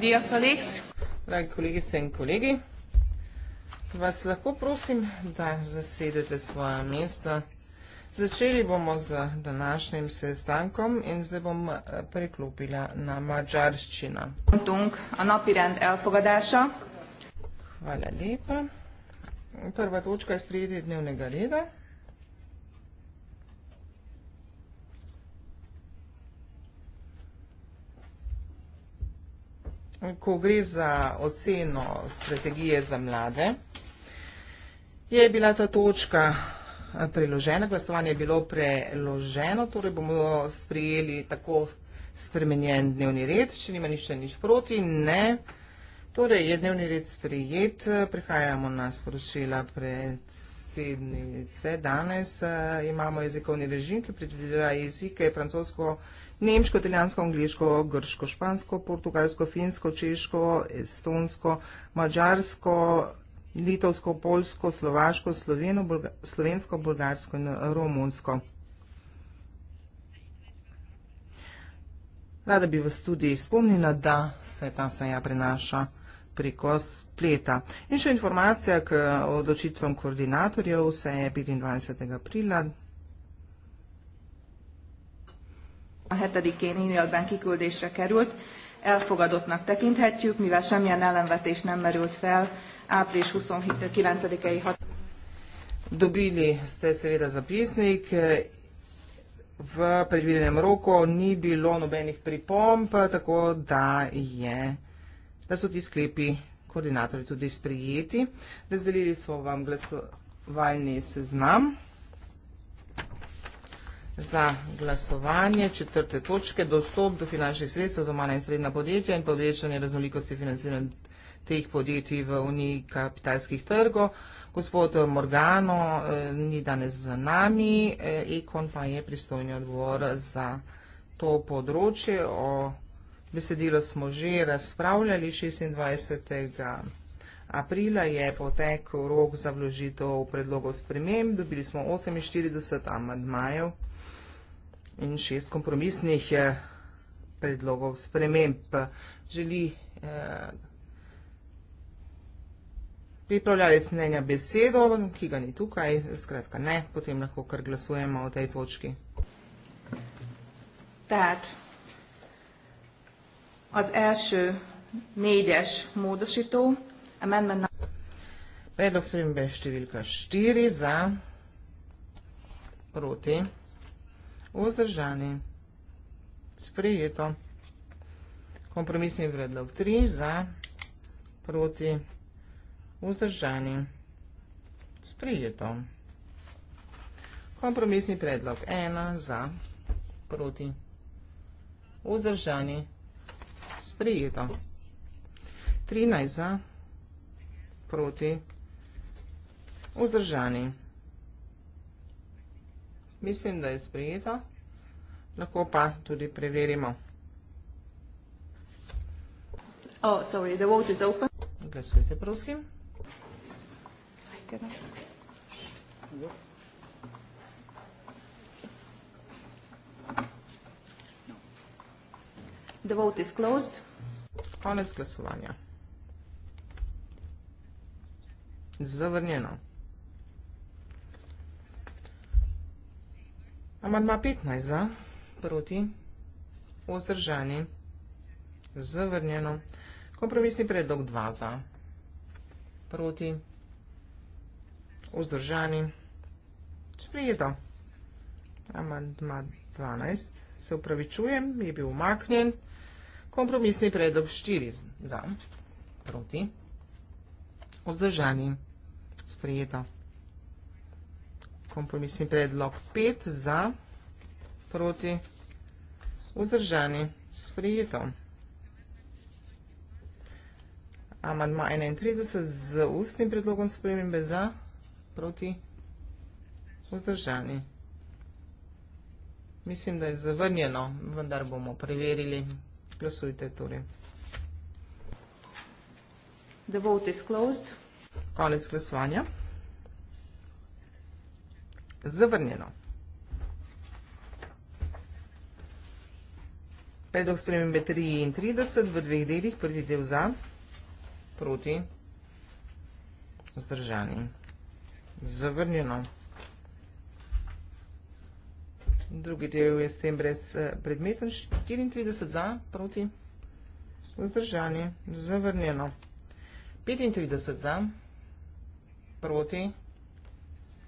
Diakolex. Dragi kolegice in kolegi, vas lahko prosim, da zasedete svoja mesta. Začeli bomo z današnjim sestankom in zdaj bom eh, preklopila na mačarščina. Hvala lepa. Prva točka je sprejeti dnevnega reda. ko gre za oceno strategije za mlade, je bila ta točka eh, priložena, glasovanje je bilo preloženo, torej bomo sprijeli tako spremenjen dnevni red, če nima nišče nič proti, ne. Torej je dnevni red sprijet, prihajamo na sporočila predsednice, danes eh, imamo jezikovni režim, ki predvideva jezike francosko, nemško, italijansko, angliško, grško, špansko, portugalsko, finsko, češko, estonsko, mađarsko, litovsko, polsko, slovaško, sloveno, bulga, slovensko, bulgarsko in eh, romunsko. Rada bi vas tudi spomnila, da se ta seja prenaša preko spleta. In še informacija k eh, odločitvam koordinatorjev, vse je 25. aprila a hetedikén e-mailben kiküldésre került, elfogadottnak tekinthetjük, mivel semmilyen ellenvetés nem merült fel április 29-i hat. Dobili ste seveda zapisnik, v predvidenem roku ni bilo nobenih pripomb, tako da, je, da so ti sklepi koordinatorji tudi sprejeti. Razdelili smo vam glasovalni seznam za glasovanje četrte točke, dostop do finančnih sredstev za manj in srednja podjetja in povečanje raznolikosti financiranja teh podjetij v Uniji kapitalskih trgov. Gospod Morgano eh, ni danes z nami, eh, Ekon pa je pristojni odbor za to področje. O besedilo smo že razpravljali 26. aprila, je potekel rok za vložitev predlogov sprememb, dobili smo 48 amadmajev in šest kompromisnih eh, predlogov sprememb. Želi eh, pripravljali smenja besedo, ki ga ni tukaj, skratka ne, potem lahko kar glasujemo o tej točki. Tehát az első négyes módosító, amendment... Predlog spremembe številka 4 za proti vzdržani. Sprejeto. Kompromisni predlog 3 za proti vzdržani. Sprejeto. Kompromisni predlog 1 za proti vzdržani. Sprejeto. 13 za proti vzdržani. Sprejeto. Mislim, da je sprejeta. Lahko pa tudi preverimo. Oh, sorry, the vote is open. Glasujte, prosim. The vote is closed. Konec glasovanja. Zavrnjeno. Amandma 15 za, proti, vzdržani, zavrnjeno. Kompromisni predlog 2 za, proti, vzdržani, sprijeto. Amandma 12, se upravičujem, je bil umaknjen. Kompromisni predlog 4 za, proti, vzdržani, sprijeto. Sprijeto kompromisni predlog 5 za, proti, vzdržani, sprejeto. Amadma 31 z ustnim predlogom spremembe za, proti, vzdržani. Mislim, da je zavrnjeno, vendar bomo preverili. Glasujte torej. The vote is closed. Konec glasovanja zavrnjeno. Predlog spremembe 33 v dveh delih, prvi del za, proti, zdržani, zavrnjeno. Drugi del je s tem brez eh, predmeten, 34 za, proti, zdržani, zavrnjeno. 35 za, proti,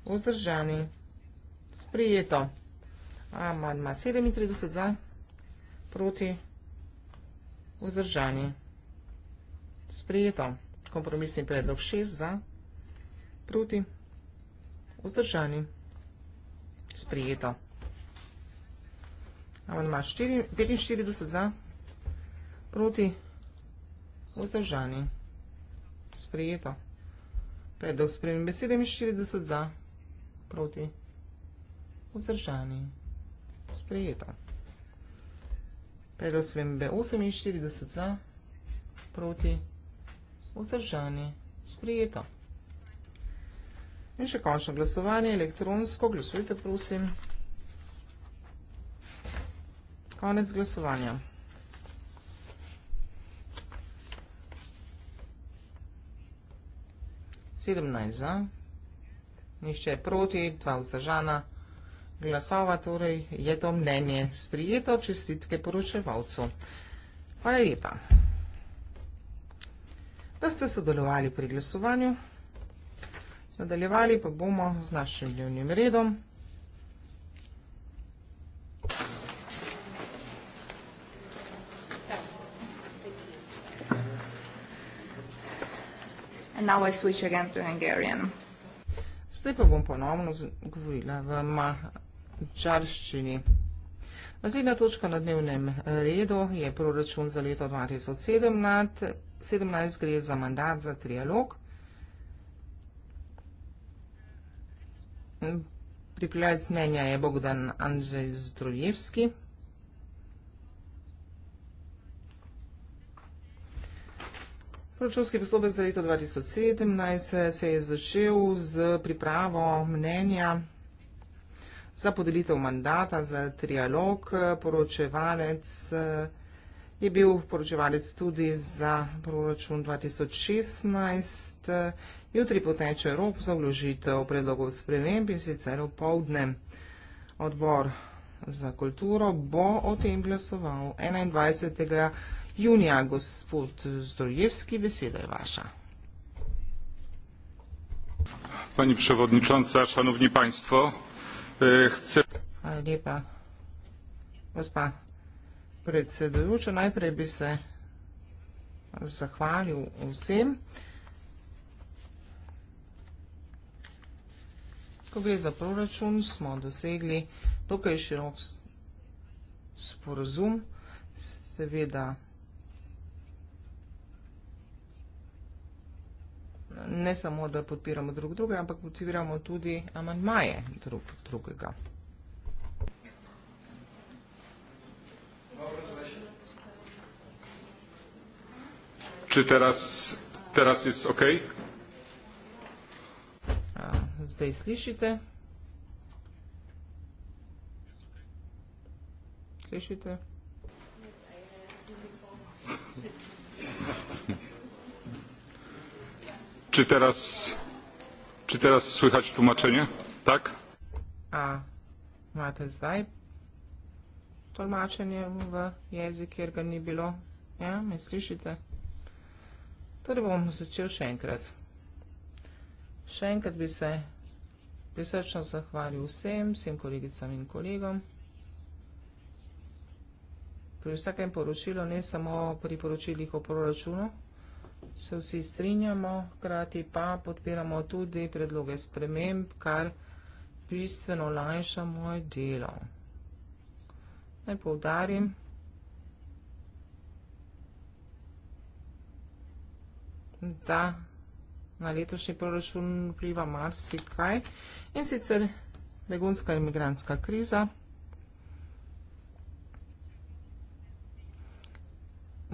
vzdržani, zavrnjeno sprejeto. Amanma 37 za, proti vzdržani. Sprejeto. Kompromisni predlog 6 za, proti vzdržani. Sprejeto. Amanma 45 za, proti vzdržani. Sprejeto. Predlog spremem besede 47 za, proti vzdržani vzdržani, sprejeta. Predlog spremembe 48 za, proti, vzdržani, sprejeta. In še končno glasovanje, elektronsko, glasujte prosim. Konec glasovanja. Sedemnaj za, nišče proti, dva vzdržana, sprejeta glasova, torej je to mnenje sprijeto, čestitke poročevalcu. Hvala lepa, da ste sodelovali pri glasovanju. Nadaljevali pa bomo z našim dnevnim redom. Zdaj pa bom ponovno govorila v Mahu čarščini. Naslednja točka na dnevnem eh, redu je proračun za leto 2017, gre za mandat za trialog. Pripravljalec mnenja je Bogdan Andrzej Zdrojevski. Proračunski poslobek za leto 2017 eh, se je začel z pripravo mnenja proračunskih poslobek za podelitev mandata za trialog. Poročevalec je bil poročevalec tudi za proračun 2016. Jutri poteče rok za vložitev predlogov sprememb in sicer v povdne odbor za kulturo bo o tem glasoval 21. junija. Gospod Zdrojevski, beseda je vaša. Pani przewodnicząca, szanowni państwo, chce. Hvala lepa. Gospa predsedujoča, najprej bi se zahvalil vsem. Ko gre za proračun, smo dosegli dokaj širok sporozum, seveda. ne samo, da podpiramo drug druge, ampak motiviramo tudi amantmaje drug, drugega. Če teraz, teraz je ok? Zdaj slišite? Slišite? Thank you. Czy teraz, czy teraz słychać tłumaczenie? Tak? A, máte zdaj tolmačenje v jezik, kjer ga ni bilo? Ja, me slišite? Torej bom začel še enkrat. Še enkrat bi se prisrčno zahvalil vsem, vsem kolegicam in kolegom. Pri vsakem poročilu, ne samo pri poročilih o proračunu, se vsi strinjamo, hkrati pa podpiramo tudi predloge sprememb, kar bistveno lajša moje delo. Naj povdarim, da na letošnji proračun vpliva marsikaj in sicer begunska in imigranska kriza.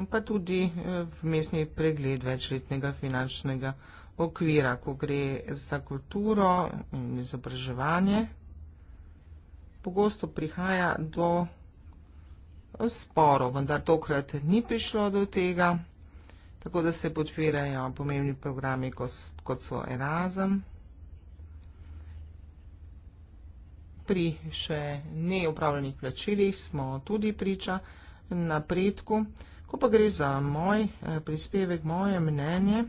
pa tudi eh, vmesni pregled večletnega finančnega okvira, ko gre za kulturo in izobraževanje. Pogosto prihaja do sporov, vendar tokrat ni prišlo do tega, tako da se podpirajo pomembni programi, kot so Erasm. Pri še neopravljenih plačilih smo tudi priča napredku. Ko pa gre za moj eh, prispevek, moje mnenje,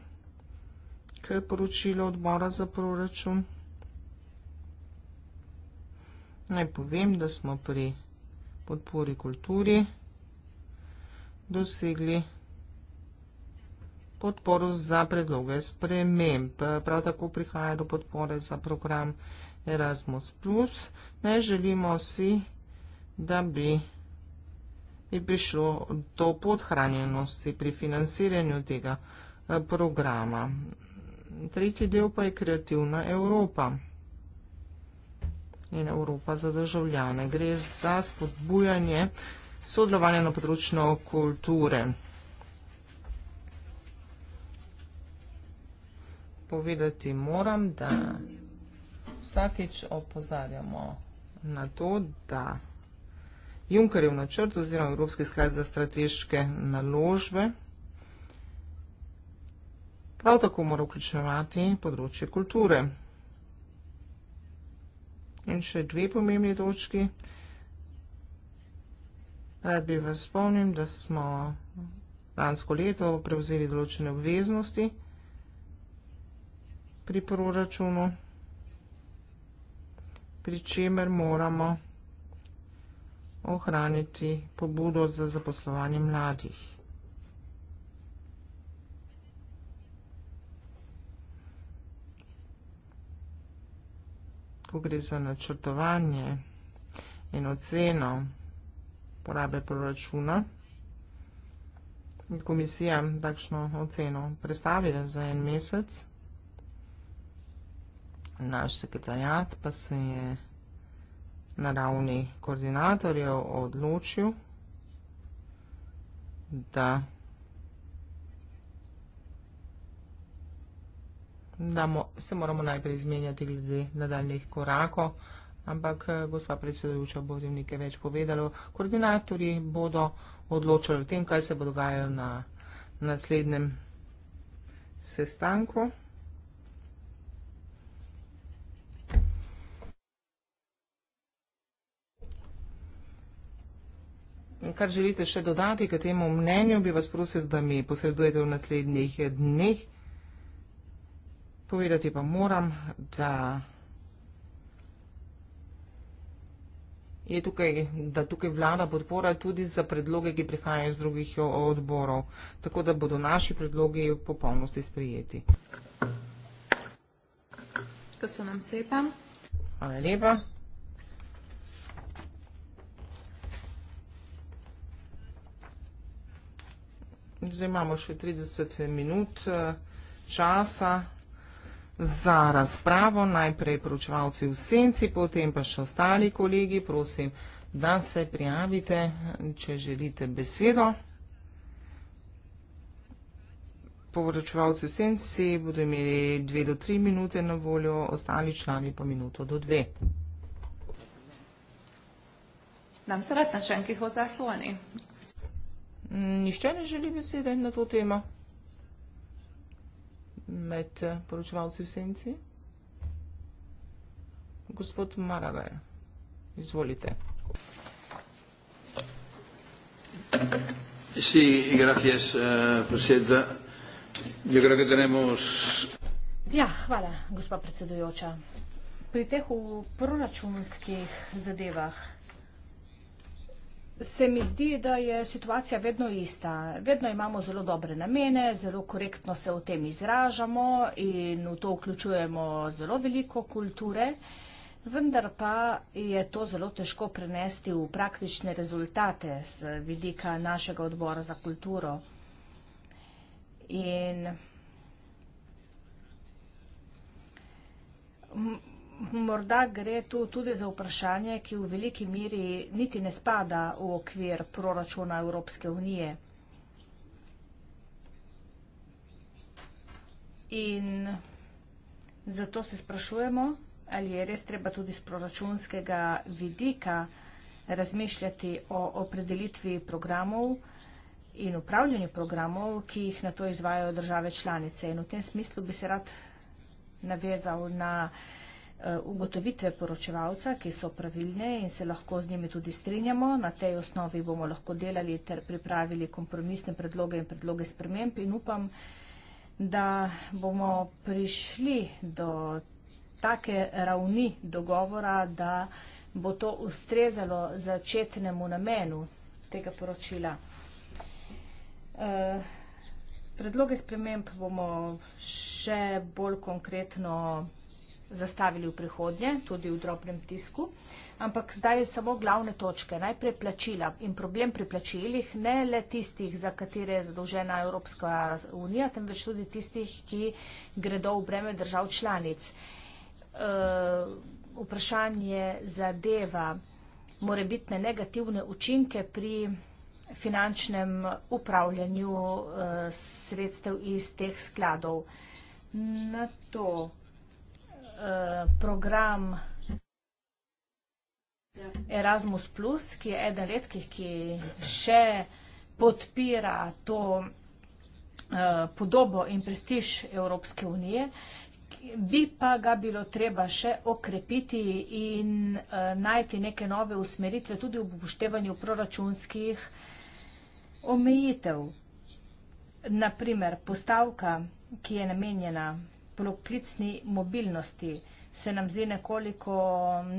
kaj je poročilo odbora za proračun, naj povem, da smo pri podpori kulturi dosegli podporo za predloge sprememb. Prav tako prihaja do podpore za program Erasmus+. Ne želimo si, da bi je prišlo do podhranjenosti pri financiranju tega eh, programa. Tretji del pa je kreativna Evropa in Evropa za državljane. Gre za spodbujanje sodelovanja na področju kulture. Povedati moram, da vsakič opozarjamo na to, da Junkerjev načrt oziroma Evropski sklad za strateške naložbe prav tako mora vključevati področje kulture. In še dve pomembni točki. Rad bi vas spomnim, da smo lansko leto prevzeli določene obveznosti pri proračunu, pri čemer moramo vključevati ohraniti pobudo za zaposlovanje mladih. Ko gre za načrtovanje in oceno porabe proračuna, komisija takšno oceno predstavila za en mesec, naš sekretarjat pa se je vsega na ravni koordinatorjev odločil, da da se moramo najprej izmenjati glede nadaljnih korakov, ampak eh, gospa predsedujoča bo jim nekaj več povedala. Koordinatorji bodo odločali o tem, kaj se bo dogajalo na naslednjem sestanku. kar želite še dodati k temu mnenju, bi vas prosil, da mi posredujete v naslednjih dneh. Povedati pa moram, da je tukaj, da tukaj vlada podpora tudi za predloge, ki prihajajo iz drugih odborov, tako da bodo naši predlogi v popolnosti sprejeti. Ko so nam sepa. Hvala lepa. Zdaj imamo še 30 minut eh, časa za razpravo. Najprej pročevalci v senci, potem pa še ostali kolegi. Prosim, da se prijavite, če želite besedo. Povračevalci v senci bodo imeli dve do tri minute na voljo, ostali člani pa minuto do dve. Nam se rad na šenkih ozasloni. Nišče ne želi besede na to temo med eh, poročevalci v senci. Gospod Maragaj, izvolite. Sí, gracias, uh, presidenta. Yo creo que tenemos. Ja, hvala, gospa predsedujoča. Pri teh proračunskih zadevah Se mi zdi, da je situacija vedno ista. Vedno imamo zelo dobre namene, zelo korektno se o tem izražamo in v to vključujemo zelo veliko kulture, vendar pa je to zelo težko prenesti v praktične rezultate z vidika našega odbora za kulturo. In morda gre tu tudi za vprašanje, ki v veliki meri niti ne spada v okvir proračuna Evropske unije. In zato se sprašujemo, ali je res treba tudi z proračunskega vidika razmišljati o opredelitvi programov in upravljanju programov, ki jih na to izvajajo države članice. In v tem smislu bi se rad navezal na vprašanje, ugotovitve poročevalca, ki so pravilne in se lahko z njimi tudi strinjamo. Na tej osnovi bomo lahko delali ter pripravili kompromisne predloge in predloge sprememb in upam, da bomo prišli do take ravni dogovora, da bo to ustrezalo začetnemu namenu tega poročila. Eh, predloge sprememb bomo še bolj konkretno pripravili zastavili v prihodnje, tudi v drobnem tisku, ampak zdaj je samo glavne točke, najprej plačila in problem pri plačilih, ne le tistih, za katere je zadolžena Evropska unija, temveč tudi tistih, ki gredo v breme držav članic. E, vprašanje zadeva morebitne negativne učinke pri finančnem upravljanju e, sredstev iz teh skladov. Na to. Eh, program Erasmus Plus, ki je eden redkih, ki še podpira to eh, podobo in prestiž Evropske unije, bi pa ga bilo treba še okrepiti in eh, najti neke nove usmeritve tudi v upoštevanju proračunskih omejitev. Naprimer, postavka, ki je namenjena poklicni mobilnosti. Se nam zdi nekoliko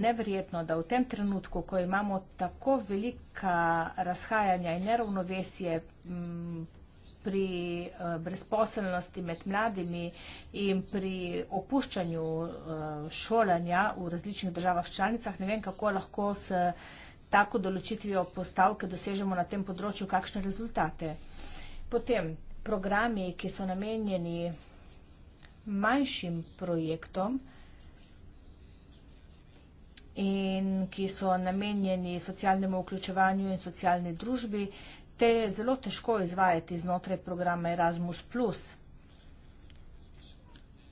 nevrjetno, da v tem trenutku, ko imamo tako velika razhajanja in neravnovesje mm, pri eh, brezposelnosti med mladimi in pri opuščanju eh, šolanja v različnih državah članicah, ne vem, kako lahko s tako določitvijo postavke dosežemo na tem področju kakšne rezultate. Potem programi, ki so namenjeni manjšim projektom, in ki so namenjeni socialnemu vključevanju in socialni družbi, te je zelo težko izvajati znotraj programa Erasmus+.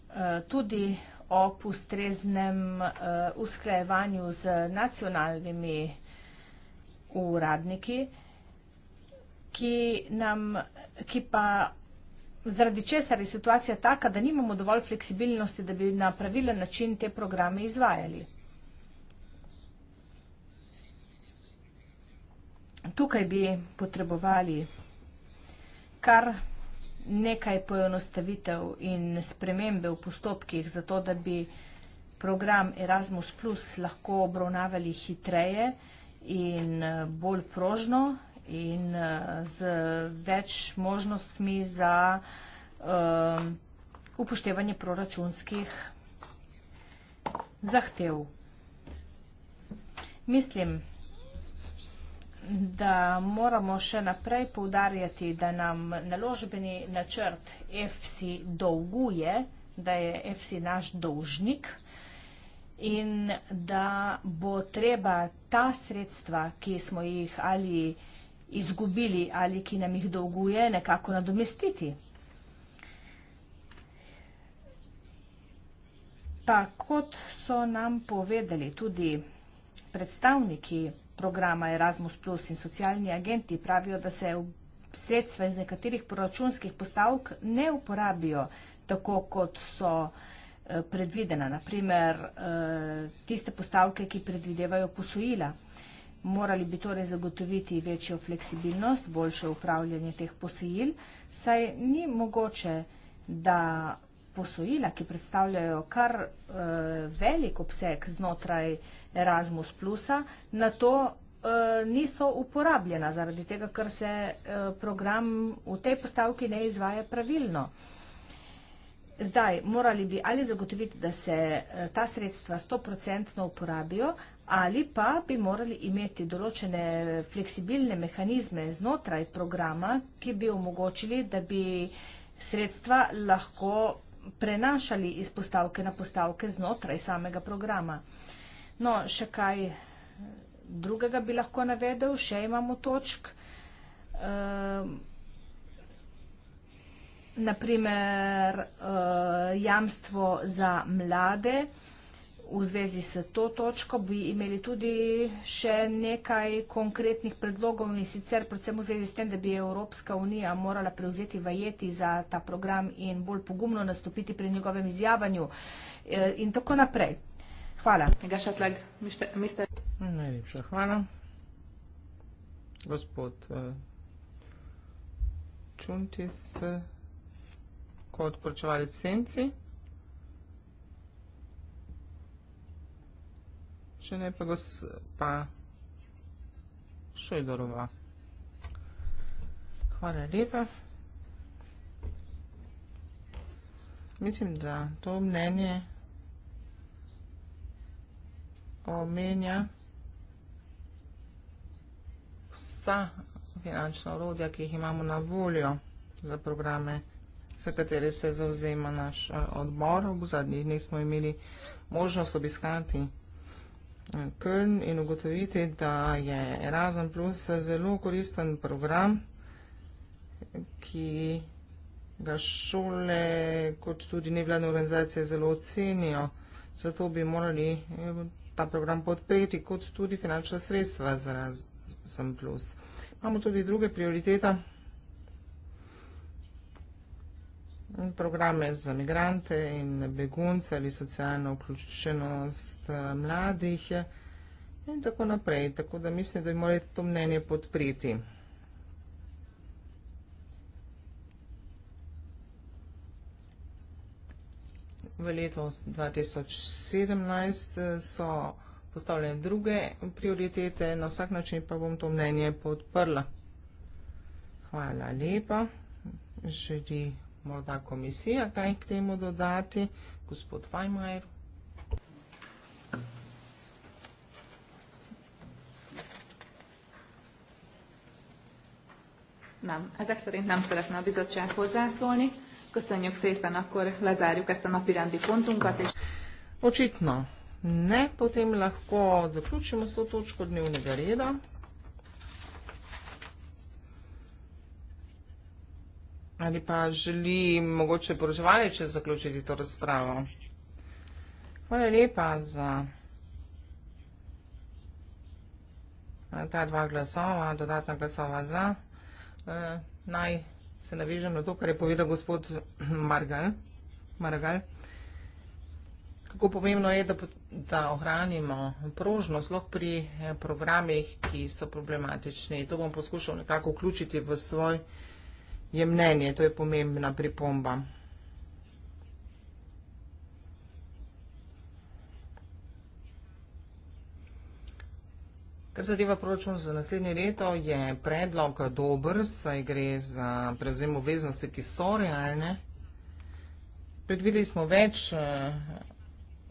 Eh, tudi ob ustreznem eh, usklajevanju z nacionalnimi uradniki, ki pa zaradi česar je situacija taka, da nimamo dovolj fleksibilnosti, da bi na pravilen način te programe izvajali. Tukaj bi potrebovali kar nekaj poenostavitev in spremembe v postopkih, zato da bi program Erasmus Plus lahko obravnavali hitreje in eh, bolj prožno, in eh, z več možnostmi za eh, upoštevanje proračunskih zahtev. Mislim, da moramo še naprej poudarjati, da nam naložbeni načrt EFSI dolguje, da je EFSI naš dolžnik in da bo treba ta sredstva, ki smo jih ali izgledali, izgubili ali ki nam jih dolguje, nekako nadomestiti. Pa kot so nam povedali tudi predstavniki programa Erasmus Plus in socialni agenti, pravijo, da se sredstva iz nekaterih proračunskih postavk ne uporabijo tako, kot so eh, predvidena, naprimer eh, tiste postavke, ki predvidevajo posojila. Morali bi torej zagotoviti večjo fleksibilnost, boljše upravljanje teh posojil, saj ni mogoče, da posojila, ki predstavljajo kar e, velik obseg znotraj Erasmus, plusa, na to e, niso uporabljena, zaradi tega, ker se e, program v tej postavki ne izvaja pravilno. Zdaj, morali bi ali zagotoviti, da se ta sredstva 100% uporabijo, ali pa bi morali imeti določene fleksibilne mehanizme znotraj programa, ki bi omogočili, da bi sredstva lahko prenašali iz postavke na postavke znotraj samega programa. No, še kaj drugega bi lahko navedel, še imamo točk. Um, ehm, naprimer, uh, eh, jamstvo za mlade, V zvezi s to točko bi imeli tudi še nekaj konkretnih predlogov in sicer predvsem v zvezi s tem, da bi Evropska unija morala prevzeti vajeti za ta program in bolj pogumno nastopiti pri njegovem izjavanju eh, in tako naprej. Hvala. Najlepša hvala. Gospod eh, Čuntis, eh, kot poročevalec Senci. Če ne, pa gos... pa... Šojdorova. Hvala lepa. Mislim, da to mnenje omenja vsa finančna orodja, ki jih imamo na voljo za programe, za katere se zauzema naš eh, odbor. V zadnjih dneh smo imeli možnost obiskati programe, Köln in ugotoviti, da je Erasmus Plus zelo koristen program, ki ga šole kot tudi nevladne organizacije zelo ocenijo. Zato bi morali eh, ta program podpreti kot tudi finančna sredstva za Erasmus Plus. Imamo tudi druge prioritete. programe za migrante in begunce ali socialno vključenost eh, mladih in tako naprej. Tako da mislim, da bi morali to mnenje podpreti. V letu 2017 eh, so postavljene druge prioritete, na vsak način pa bom to mnenje podprla. Hvala lepa. Želi morda komisija kaj k temu dodati. Gospod Fajmajer. Nem, ezek szerint nem szeretne a bizottság hozzászólni. Köszönjük szépen, akkor lezárjuk ezt a napi rendi pontunkat. És... Očitno ne, potem lahko zaključimo s to točko dnevnega reda. ali pa želi mogoče poročevanje, če zaključiti to razpravo. Hvala lepa za eh, ta dva glasova, dodatna glasova za. Eh, naj se navežem na to, kar je povedal gospod Margal. Margal. Kako pomembno je, da, da ohranimo prožnost lahko pri eh, programih, ki so problematični. To bom poskušal nekako vključiti v svoj eh, je mnenje, to je pomembna pripomba. Kar zadeva proračun za naslednje leto, je predlog dober, saj gre za prevzem obveznosti, ki so realne. Predvideli smo več eh,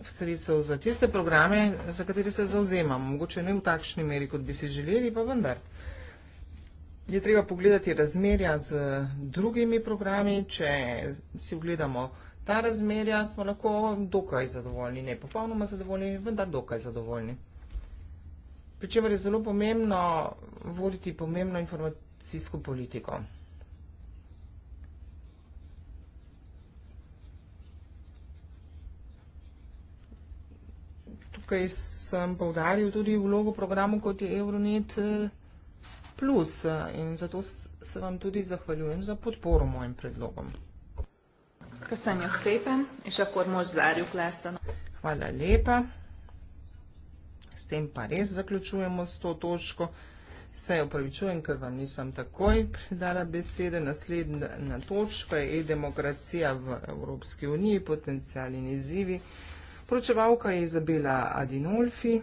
sredstev za tiste programe, za katere se zauzemamo. Mogoče ne v takšni meri, kot bi si želeli, pa vendar je treba pogledati razmerja z eh, drugimi programi. Če si ogledamo ta razmerja, smo lahko dokaj zadovoljni, ne popolnoma zadovoljni, vendar dokaj zadovoljni. Pričemer je zelo pomembno voditi pomembno informacijsko politiko. Tukaj sem povdaril tudi vlogo programov kot je Euronet. Eh, plus in zato se vam tudi zahvaljujem za podporo mojim predlogom. Hvala lepa. S tem pa res zaključujemo s to točko. Se upravičujem, ker vam nisem takoj predala besede. Naslednja točka je e-demokracija v Evropski uniji, potencijalni izzivi. Pročevalka je Izabela Adinolfi.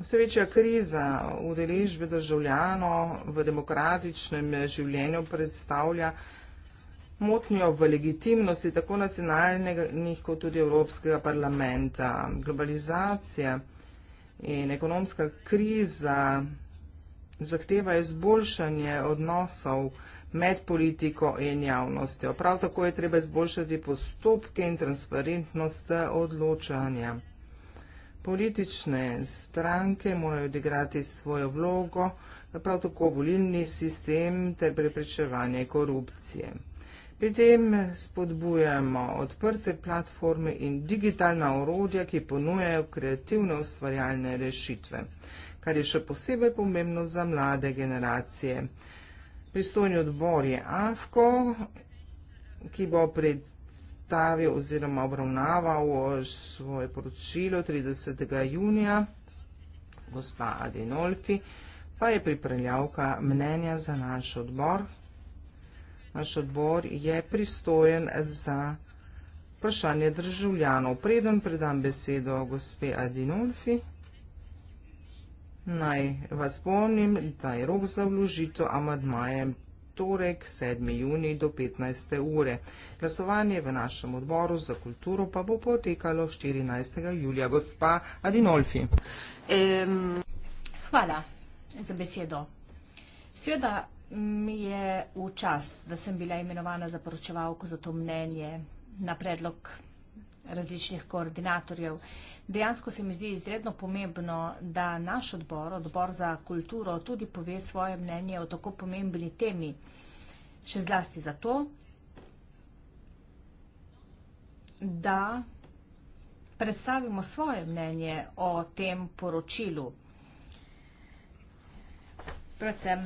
Vse večja kriza udeležbe državljano v demokratičnem življenju predstavlja motnjo v legitimnosti tako nacionalnih kot tudi Evropskega parlamenta. Globalizacija in ekonomska kriza zahteva izboljšanje odnosov med politiko in javnostjo. Prav tako je treba izboljšati postopke in transparentnost odločanja. Politične stranke morajo odigrati svojo vlogo, prav tako volilni sistem ter preprečevanje korupcije. Pri tem spodbujamo odprte platforme in digitalna orodja, ki ponujajo kreativne ustvarjalne rešitve, kar je še posebej pomembno za mlade generacije. Pristojni odbor je AFKO, ki bo predstavljen predstavil oziroma obravnaval svoje poročilo 30. junija, gospa Adinolfi, pa je pripravljavka mnenja za naš odbor. Naš odbor je pristojen za vprašanje državljanov. Preden predam besedo gospe Adinolfi, naj vas spomnim, da je rok za vložitev amadmaje torek 7. juni do 15. ure. Glasovanje v našem odboru za kulturo pa bo potekalo 14. julija. Gospa Adinolfi. Um, hvala za besedo. Sveda mi je v čast, da sem bila imenovana za poročevalko za to mnenje na predlog različnih koordinatorjev. Dejansko se mi zdi izredno pomembno, da naš odbor, odbor za kulturo, tudi pove svoje mnenje o tako pomembni temi. Še zlasti zato, da predstavimo svoje mnenje o tem poročilu. Predvsem,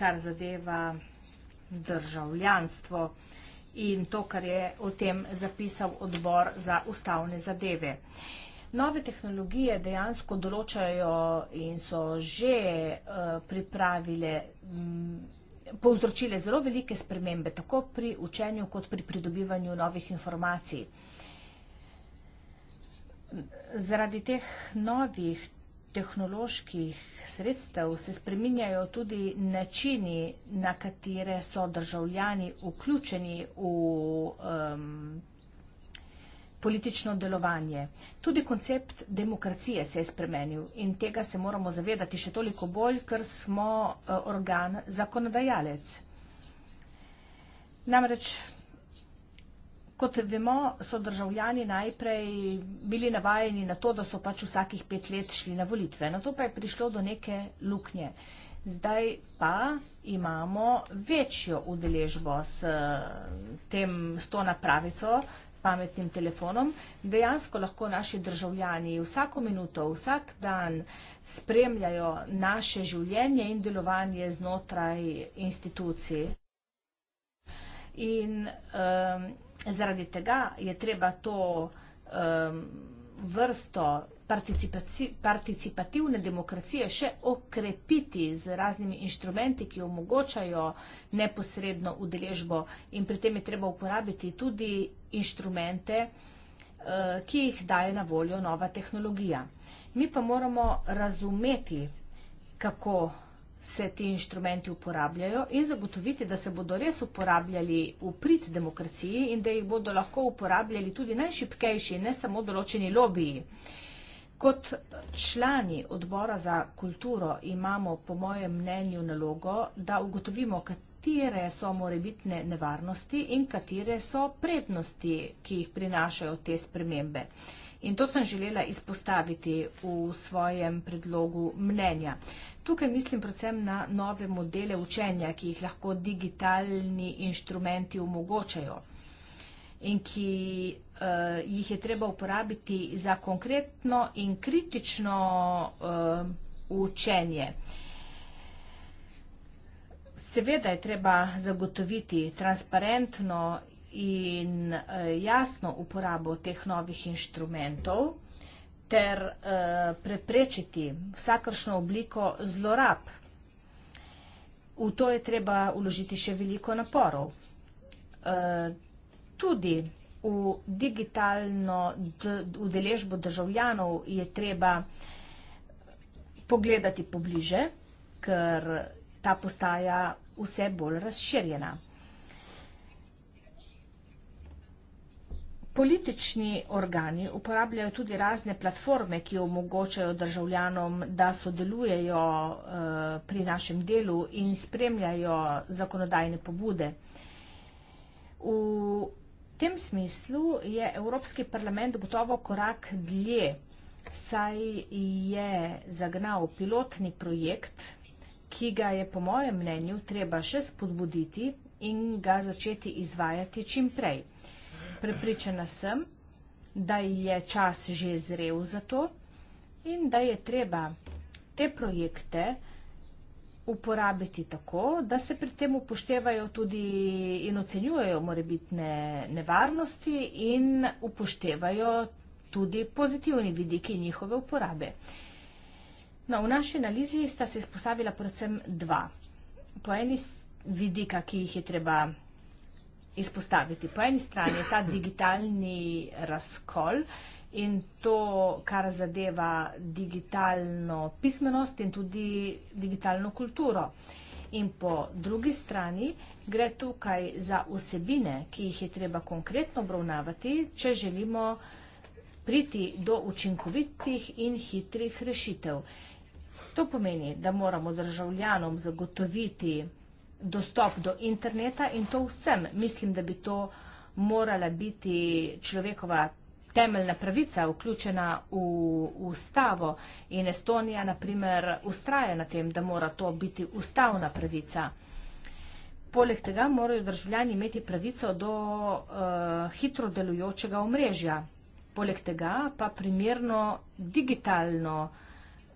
kar zadeva državljanstvo in to, kar je o tem zapisal odbor za ustavne zadeve. Nove tehnologije dejansko določajo in so že uh, pripravile, m, mm, povzročile zelo velike spremembe, tako pri učenju kot pri pridobivanju novih informacij. Zaradi teh novih tehnoloških sredstev se spreminjajo tudi načini, na katere so državljani vključeni v um, politično delovanje. Tudi koncept demokracije se je spremenil in tega se moramo zavedati še toliko bolj, ker smo uh, organ zakonodajalec. Namreč Kot vemo, so državljani najprej bili navajeni na to, da so pač vsakih pet let šli na volitve. Na to pa je prišlo do neke luknje. Zdaj pa imamo večjo udeležbo s, eh, tem, s to napravico, pametnim telefonom. Dejansko lahko naši državljani vsako minuto, vsak dan spremljajo naše življenje in delovanje znotraj institucij. In um, Zaradi tega je treba to um, vrsto participativne demokracije še okrepiti z raznimi inštrumenti, ki omogočajo neposredno udeležbo in pri tem je treba uporabiti tudi inštrumente, uh, ki jih daje na voljo nova tehnologija. Mi pa moramo razumeti, kako se ti inštrumenti uporabljajo in zagotoviti, da se bodo res uporabljali v prid demokraciji in da jih bodo lahko uporabljali tudi najšipkejši, ne samo določeni lobiji. Kot člani odbora za kulturo imamo po mojem mnenju nalogo, da ugotovimo, katere so morebitne nevarnosti in katere so prednosti, ki jih prinašajo te spremembe. Uh, In to sem želela izpostaviti v svojem predlogu mnenja. Tukaj mislim predvsem na nove modele učenja, ki jih lahko digitalni inštrumenti omogočajo in ki uh, jih je treba uporabiti za konkretno in kritično uh, učenje. Seveda je treba zagotoviti transparentno in eh, jasno uporabo teh novih inštrumentov ter eh, preprečiti vsakršno obliko zlorab. V to je treba uložiti še veliko naporov. Eh, tudi v digitalno udeležbo državljanov je treba pogledati pobliže, ker ta postaja vse bolj razširjena. Politični organi uporabljajo tudi razne platforme, ki omogočajo državljanom, da sodelujejo eh, pri našem delu in spremljajo zakonodajne pobude. V tem smislu je Evropski parlament gotovo korak dlje, saj je zagnal pilotni projekt, ki ga je po mojem mnenju treba še spodbuditi in ga začeti izvajati čim prej. Prepričana sem, da je čas že zrel za to in da je treba te projekte uporabiti tako, da se pri tem upoštevajo tudi in ocenjujejo morebitne nevarnosti in upoštevajo tudi pozitivni vidiki njihove uporabe. No, v naši analizi sta se izpostavila predvsem dva. Po eni vidika, ki jih je treba izpostaviti. Po eni strani je ta digitalni razkol in to, kar zadeva digitalno pismenost in tudi digitalno kulturo. In po drugi strani gre tukaj za vsebine, ki jih je treba konkretno obravnavati, če želimo priti do učinkovitih in hitrih rešitev. To pomeni, da moramo državljanom zagotoviti dostop do interneta in to vsem. Mislim, da bi to morala biti človekova temeljna pravica vključena v ustavo in Estonija, naprimer, ustraja na tem, da mora to biti ustavna pravica. Poleg tega morajo državljani imeti pravico do uh, hitro delujočega omrežja. Poleg tega pa primerno digitalno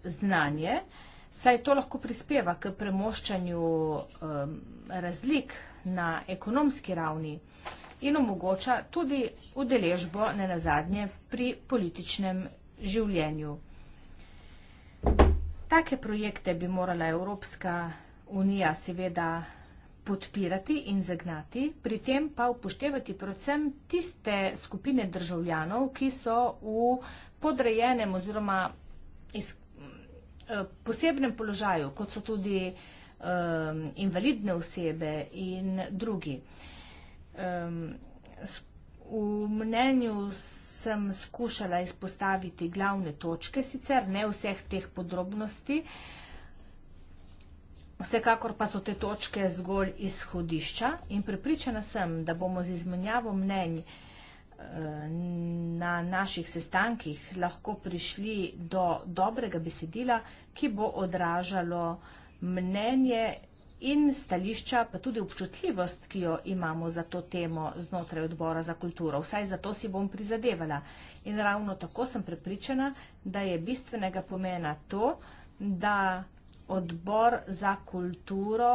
znanje. Uh, saj to lahko prispeva k premoščanju um, razlik na ekonomski ravni in omogoča tudi udeležbo ne nazadnje pri političnem življenju. Take projekte bi morala Evropska unija seveda podpirati in zagnati, pri tem pa upoštevati predvsem tiste skupine državljanov, ki so v podrejenem oziroma izkušnjem Eh, posebnem položaju, kot so tudi um, invalidne osebe in drugi. Um, v mnenju sem skušala izpostaviti glavne točke, sicer ne vseh teh podrobnosti, vsekakor pa so te točke zgolj izhodišča in prepričana sem, da bomo z izmenjavo mnenj uh, na naših sestankih lahko prišli do dobrega besedila, ki bo odražalo mnenje in stališča, pa tudi občutljivost, ki jo imamo za to temo znotraj odbora za kulturo. Vsaj za to si bom prizadevala. In ravno tako sem prepričana, da je bistvenega pomena to, da odbor za kulturo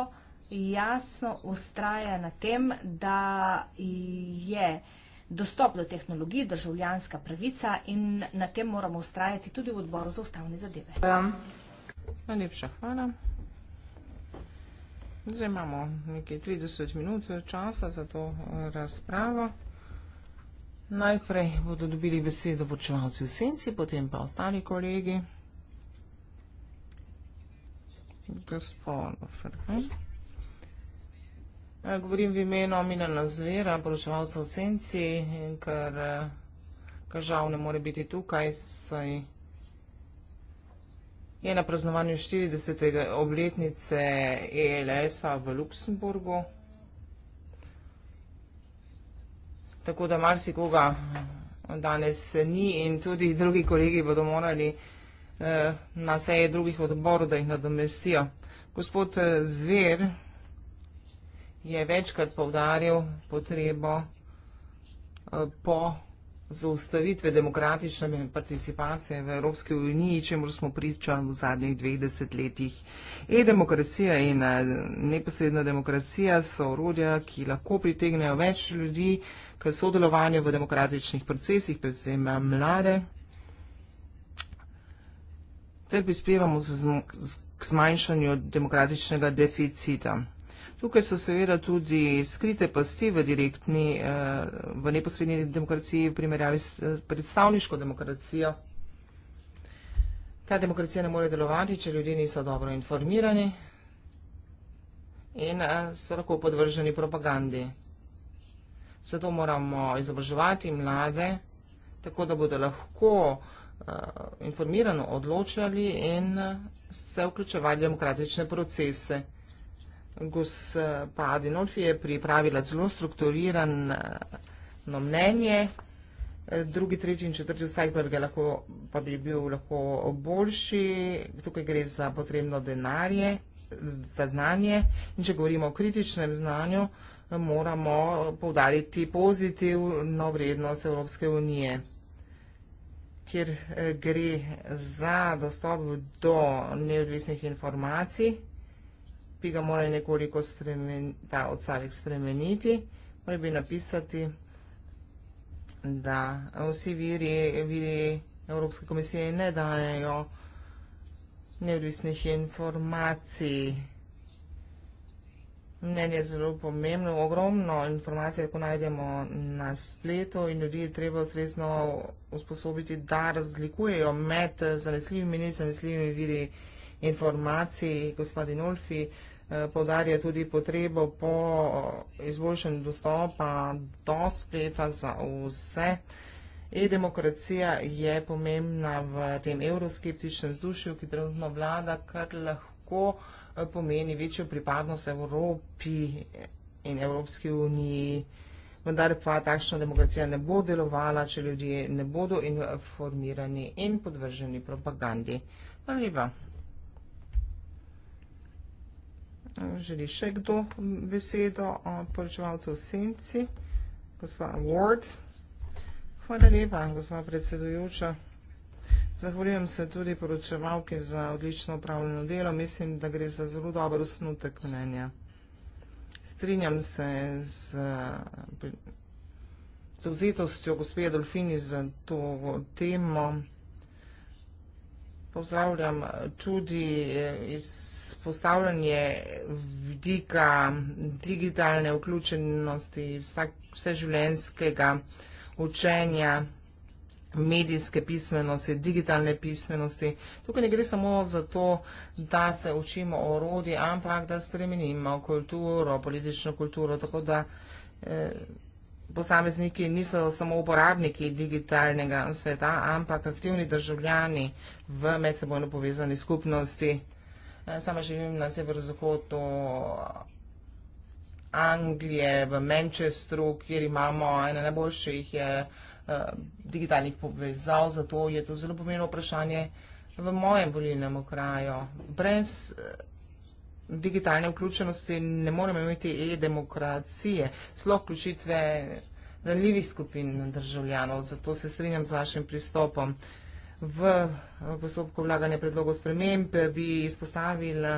jasno ustraja na tem, da je dostop do tehnologij, državljanska pravica in na tem moramo ustrajati tudi v odboru za ustavne zadeve. Najlepša hvala. Zdaj imamo nekaj 30 minut časa za to eh, razpravo. Najprej bodo dobili besedo počevalci v senci, potem pa ostali kolegi. Gospod Ferhajn. Eh, govorim v imenu Amina Nazvera, poročevalca v Senci, eh, ker žal ne more biti tukaj, saj je na praznovanju 40. obletnice ELS-a v Luksemburgu. Tako da marsikoga danes ni in tudi drugi kolegi bodo morali eh, na seje drugih odborov, da jih nadomestijo. Gospod Zver, je večkrat povdaril potrebo eh, po zaustavitve demokratične participacije v Evropski uniji, čemur smo pričali v zadnjih dveh desetletjih. E-demokracija in eh, neposredna demokracija so orodja, ki lahko pritegnejo več ljudi k sodelovanju v demokratičnih procesih, predvsem eh, mlade, ter prispevamo k zmanjšanju demokratičnega deficita. Tukaj so seveda tudi skrite pasti v, direktni, eh, v neposrednji demokraciji v primerjavi s eh, predstavniško demokracijo. Ta demokracija ne more delovati, če ljudje niso dobro informirani in eh, so lahko podvrženi propagandi. Zato moramo izobraževati mlade, tako da bodo lahko informirano odločali in se vključevali v demokratične procese. Gospa Adinolfi je pripravila zelo strukturirano mnenje. Drugi, tretji in četrti vsak bi lahko, pa bi bil lahko boljši. Tukaj gre za potrebno denarje, za znanje. In če govorimo o kritičnem znanju, moramo povdariti pozitivno vrednost Evropske unije, kjer eh, gre za dostop do neodvisnih informacij bi ga morali nekoliko ta odstavek spremeniti. Morali bi napisati, da vsi viri, viri Evropske komisije ne dajo neodvisnih informacij. Mnenje je zelo pomembno. Ogromno informacije lahko najdemo na spletu in ljudi je treba ustrezno usposobiti, da razlikujejo med zanesljivimi in nezanesljivimi viri informacij. Gospodin Ulfi eh, povdarja tudi potrebo po izboljšanju dostopa do spleta za vse. E-demokracija je pomembna v tem evroskeptičnem vzdušju, ki trenutno vlada, kar lahko eh, pomeni večjo pripadnost Evropi in Evropski uniji. Vendar pa takšna demokracija ne bo delovala, če ljudje ne bodo informirani in podvrženi propagandi. Hvala lepa. Želi še kdo besedo o poročevalcu v senci? Gospa Ward. Hvala lepa, gospa predsedujoča. Zahvaljujem se tudi poročevalki za odlično upravljeno delo. Mislim, da gre za zelo dober osnutek mnenja. Strinjam se z zauzetostjo gospe Adolfini za to temo. Pozdravljam tudi eh, izpostavljanje vidika digitalne vključenosti vsak, vseživljenjskega učenja, medijske pismenosti, digitalne pismenosti. Tukaj ne gre samo za to, da se učimo o rodi, ampak da spremenimo kulturo, politično kulturo, tako da eh, posamezniki niso samo uporabniki digitalnega sveta, ampak aktivni državljani v medsebojno povezani skupnosti. E, sama živim na severozahodu Anglije, v Manchesteru, kjer imamo ene najboljših e, e, digitalnih povezav, zato je to zelo pomembno vprašanje v mojem volilnem okraju. Brez digitalne vključenosti ne moremo imeti e-demokracije, sploh vključitve ranljivih skupin državljanov. Zato se strinjam z vašim pristopom. V postopku vlaganja predlogov sprememb bi izpostavila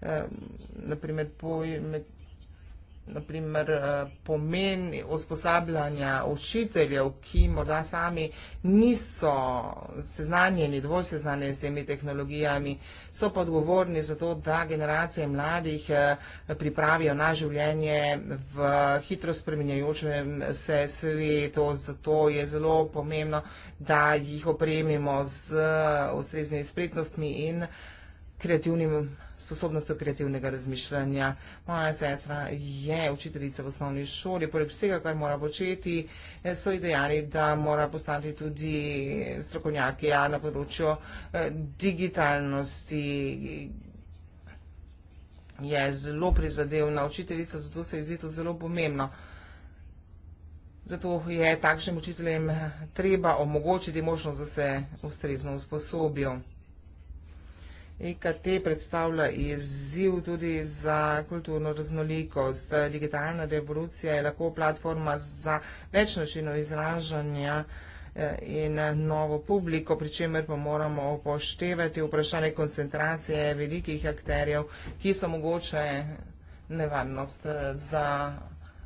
eh, naprimer pojme naprimer, eh, pomen usposabljanja učiteljev, ki morda sami niso seznanjeni, dovolj seznanjeni s temi tehnologijami, so pa odgovorni za to, da generacije mladih eh, pripravijo na življenje v hitro spremenjajočem se svetu. Zato je zelo pomembno, da jih opremimo z ustreznimi spretnostmi in kreativnim sposobnostjo kreativnega razmišljanja. Moja sestra je učiteljica v osnovni šoli, poleg vsega, kar mora početi, so ji dejali, da mora postati tudi strokovnjakinja na področju eh, digitalnosti. Je zelo prizadevna učiteljica, zato se ji zdi to zelo pomembno. Zato je takšnim učiteljem treba omogočiti možnost, da se ustrezno usposobijo. IKT e predstavlja izziv tudi za kulturno raznolikost. Digitalna revolucija je lahko platforma za več načinov izražanja eh, in novo publiko, pri čemer pa moramo upoštevati vprašanje koncentracije velikih akterjev, ki so mogoče nevarnost eh, za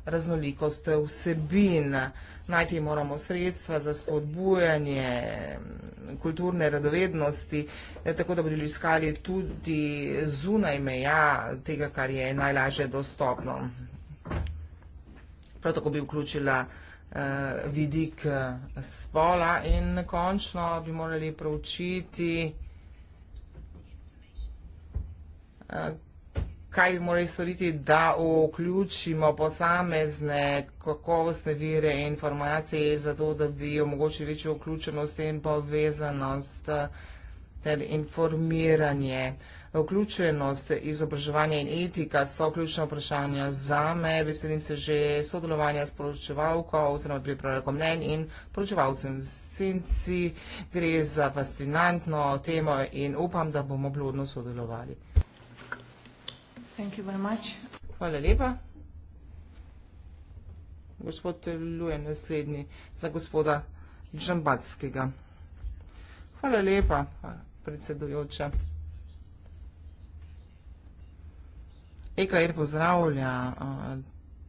raznolikost vsebin. Najti moramo sredstva za spodbujanje kulturne radovednosti, eh, tako da bodo iskali tudi zunaj meja tega, kar je najlažje dostopno. Prav tako bi vključila uh, vidik eh, spola in končno bi morali proučiti. Uh, kaj bi morali storiti, da vključimo posamezne kakovostne vire informacije, zato da bi omogočili večjo vključenost in povezanost ter informiranje. Vključenost, izobraževanje in etika so ključna vprašanja za me. Veselim se že sodelovanja s poročevalko oziroma pripravljalko mnen in poročevalcem Sinci. Gre za fascinantno temo in upam, da bomo blodno sodelovali. Thank you very much. Hvala lepa. Gospod Lujen, naslednji za gospoda Žambatskega. Hvala lepa, predsedujoča. EKR pozdravlja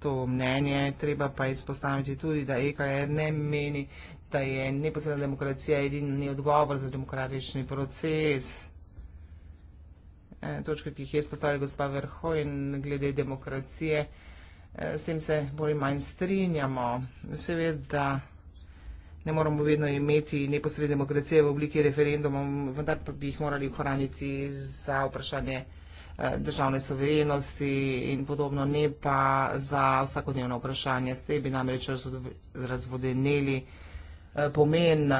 to mnenje, treba pa izpostaviti tudi, da EKR ne meni, da je neposredna demokracija edini odgovor za demokratični proces točke, ki jih je izpostavila gospa Verhoj in glede demokracije, eh, s tem se bolj manj strinjamo. Seveda ne moramo vedno imeti neposredne demokracije v obliki referendumov, vendar pa bi jih morali ohraniti za vprašanje eh, državne soverenosti in podobno, ne pa za vsakodnevno vprašanje. S tem bi namreč razvodeneli eh, pomen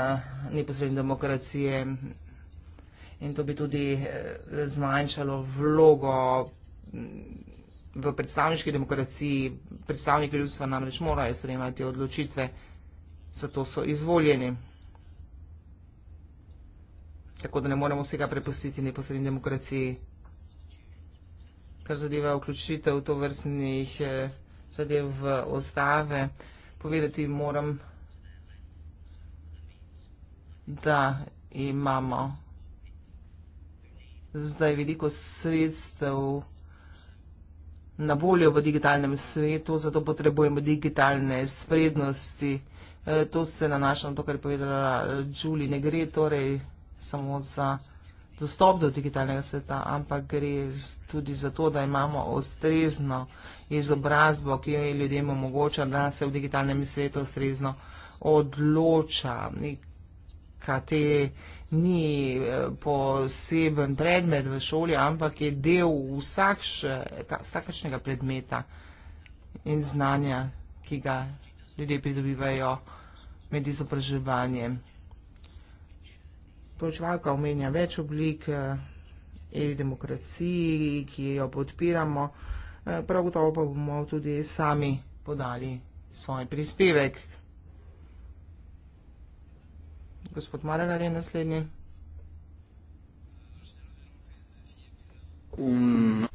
neposredne demokracije in to bi tudi eh, zmanjšalo vlogo v predstavniški demokraciji. Predstavniki ljudstva namreč morajo sprejemati odločitve, zato so izvoljeni. Tako da ne moremo vsega prepustiti neposrednji demokraciji. Kar zadeva vključitev to vrstnih eh, zadev v ostave, povedati moram, da imamo zdaj veliko sredstev na voljo v digitalnem svetu, zato potrebujemo digitalne sprednosti. E, to se nanaša na to, kar je povedala Julie. Ne gre torej samo za dostop do digitalnega sveta, ampak gre tudi za to, da imamo ustrezno izobrazbo, ki jo ljudem omogoča, da se v digitalnem svetu ustrezno odloča. Nekatere ni eh, poseben predmet v šoli, ampak je del vsakšnega predmeta in znanja, ki ga ljudje pridobivajo med izobraževanjem. Poročevalka omenja več oblik e-demokraciji, eh, e ki jo podpiramo, eh, prav gotovo pa bomo tudi sami podali svoj prispevek Gospod Marelar je naslednji. Um.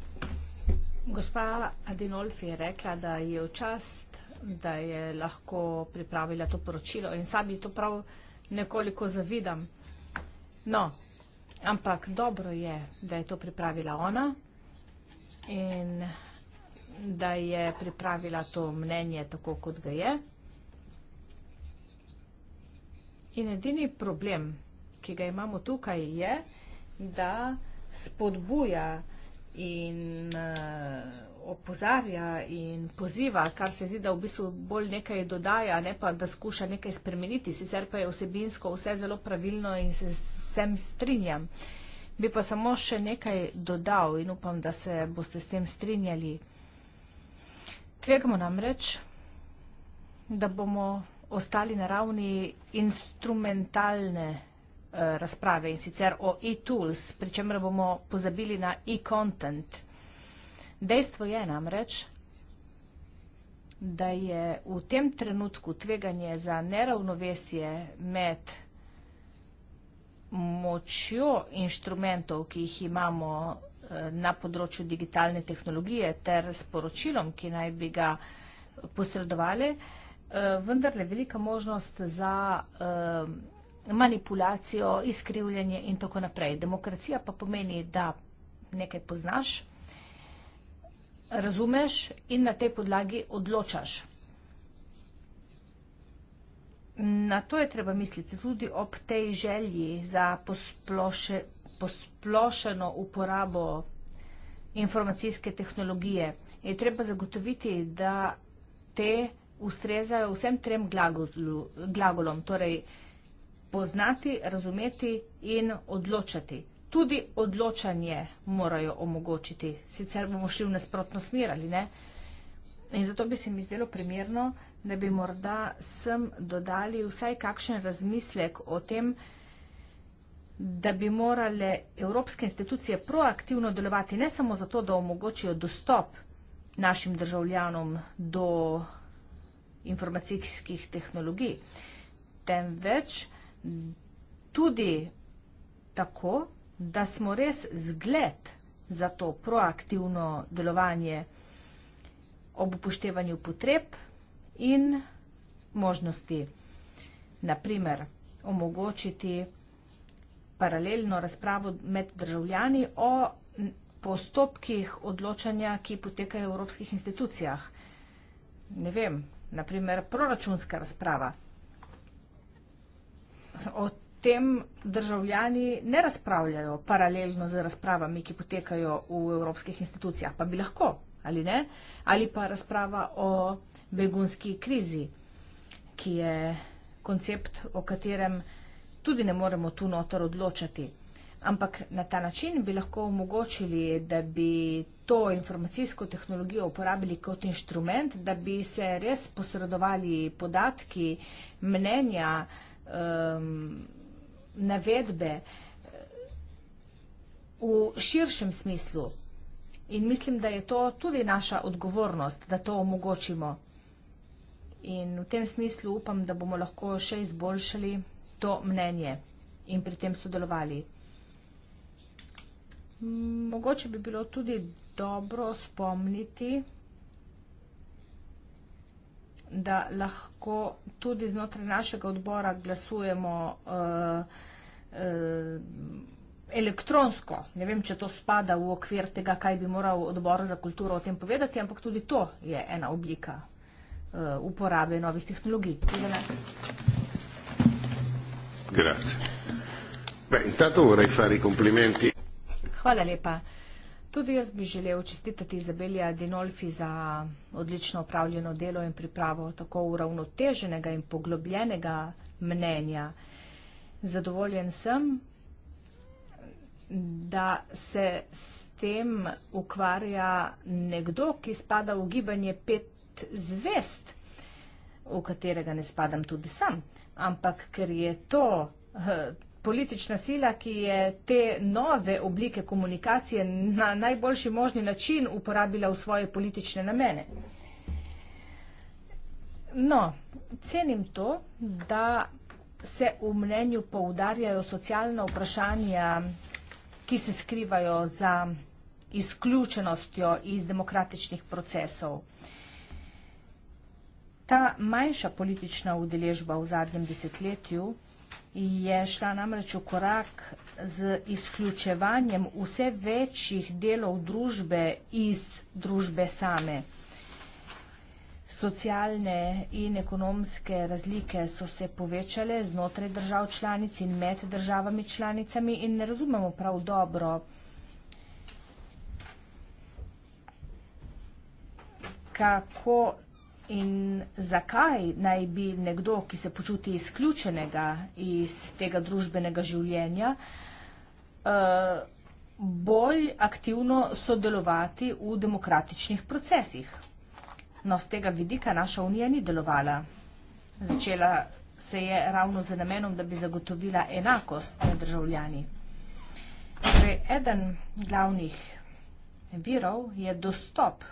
Gospa Adinolfi je rekla, da je v čast, da je lahko pripravila to poročilo in sam ji to prav nekoliko zavidam. No, ampak dobro je, da je to pripravila ona in da je pripravila to mnenje tako, kot ga je. In edini problem, ki ga imamo tukaj, je, da spodbuja in uh, opozarja in poziva, kar se zdi, da v bistvu bolj nekaj dodaja, ne pa da skuša nekaj spremeniti. Sicer pa je osebinsko vse zelo pravilno in se vsem strinjam. Bi pa samo še nekaj dodal in upam, da se boste s tem strinjali. Tvegamo namreč, da bomo ostali na ravni instrumentalne eh, razprave in sicer o e-tools, pri čemer bomo pozabili na e-content. Dejstvo je namreč, da je v tem trenutku tveganje za neravnovesje med močjo inštrumentov, ki jih imamo eh, na področju digitalne tehnologije ter sporočilom, ki naj bi ga posredovali, Eh, vendarle velika možnost za eh, manipulacijo, izkrivljanje in tako naprej. Demokracija pa pomeni, da nekaj poznaš, razumeš in na tej podlagi odločaš. Na to je treba misliti tudi ob tej želji za posploše, posplošeno uporabo informacijske tehnologije. Je treba zagotoviti, da te tehnologije ustrezajo vsem trem glagolu, glagolom, torej poznati, razumeti in odločati. Tudi odločanje morajo omogočiti, sicer bomo šli v nasprotno smer ali ne. In zato bi se mi zdelo primerno, da bi morda sem dodali vsaj kakšen razmislek o tem, da bi morale evropske institucije proaktivno delovati ne samo zato, da omogočijo dostop našim državljanom do informacijskih tehnologij, temveč tudi tako, da smo res zgled za to proaktivno delovanje ob upoštevanju potreb in možnosti, naprimer, omogočiti paralelno razpravo med državljani o postopkih odločanja, ki potekajo v evropskih institucijah. Ne vem, naprimer proračunska razprava. O tem državljani ne razpravljajo paralelno z razpravami, ki potekajo v evropskih institucijah, pa bi lahko ali ne, ali pa razprava o begunski krizi, ki je koncept, o katerem tudi ne moremo tu notor odločati. Ampak na ta način bi lahko omogočili, da bi to informacijsko tehnologijo uporabili kot inštrument, da bi se res posredovali podatki, mnenja, um, navedbe v širšem smislu. In mislim, da je to tudi naša odgovornost, da to omogočimo. In v tem smislu upam, da bomo lahko še izboljšali to mnenje in pri tem sodelovali mogoče bi bilo tudi dobro spomniti, da lahko tudi znotraj našega odbora glasujemo eh, eh, elektronsko. Ne vem, če to spada v okvir tega, kaj bi moral odbor za kulturo o tem povedati, ampak tudi to je ena oblika eh, uporabe novih tehnologij. Grazie. Beh, intanto vorrei fare i complimenti. Hvala lepa. Tudi jaz bi želel čestitati Izabeli Adinolfi za odlično upravljeno delo in pripravo tako uravnoteženega in poglobljenega mnenja. Zadovoljen sem, da se s tem ukvarja nekdo, ki spada v gibanje pet zvest, v katerega ne spadam tudi sam, ampak ker je to eh, politična sila, ki je te nove oblike komunikacije na najboljši možni način uporabila v svoje politične namene. No, cenim to, da se v mnenju poudarjajo socialna vprašanja, ki se skrivajo za izključenostjo iz demokratičnih procesov. Ta manjša politična udeležba v zadnjem desetletju je šla namreč v korak z izključevanjem vse večjih delov družbe iz družbe same. Socialne in ekonomske razlike so se povečale znotraj držav članic in med državami članicami in ne razumemo prav dobro, kako In zakaj naj bi nekdo, ki se počuti izključenega iz tega družbenega življenja, eh, bolj aktivno sodelovati v demokratičnih procesih? No, z tega vidika naša unija ni delovala. Začela se je ravno z namenom, da bi zagotovila enakost med državljani. Torej, eden glavnih virov je dostop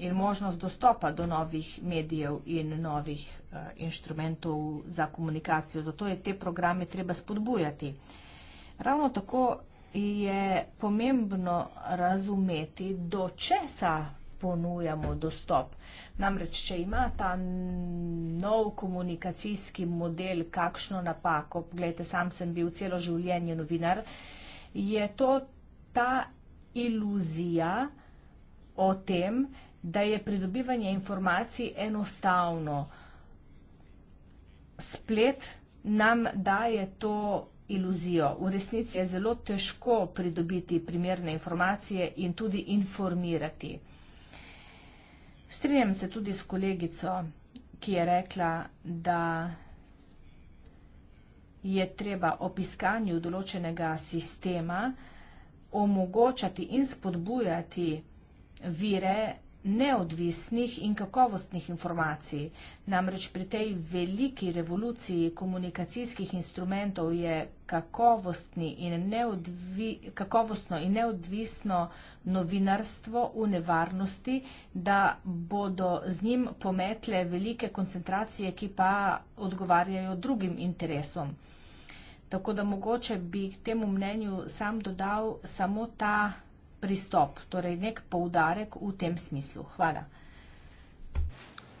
in možnost dostopa do novih medijev in novih eh, inštrumentov za komunikacijo. Zato je te programe treba spodbujati. Ravno tako je pomembno razumeti, do česa ponujamo dostop. Namreč, če ima ta nov komunikacijski model kakšno napako, pogledajte, sam sem bil celo življenje novinar, je to ta iluzija o tem, da je pridobivanje informacij enostavno. Splet nam daje to iluzijo. V resnici je zelo težko pridobiti primerne informacije in tudi informirati. Strinjam se tudi s kolegico, ki je rekla, da je treba opiskanju določenega sistema omogočati in spodbujati vire neodvisnih in kakovostnih informacij. Namreč pri tej veliki revoluciji komunikacijskih instrumentov je kakovostni in neodvi, kakovostno in neodvisno novinarstvo v nevarnosti, da bodo z njim pometle velike koncentracije, ki pa odgovarjajo drugim interesom. Tako da mogoče bi k temu mnenju sam dodal samo ta pristop, torej nek poudarek v tem smislu. Hvala.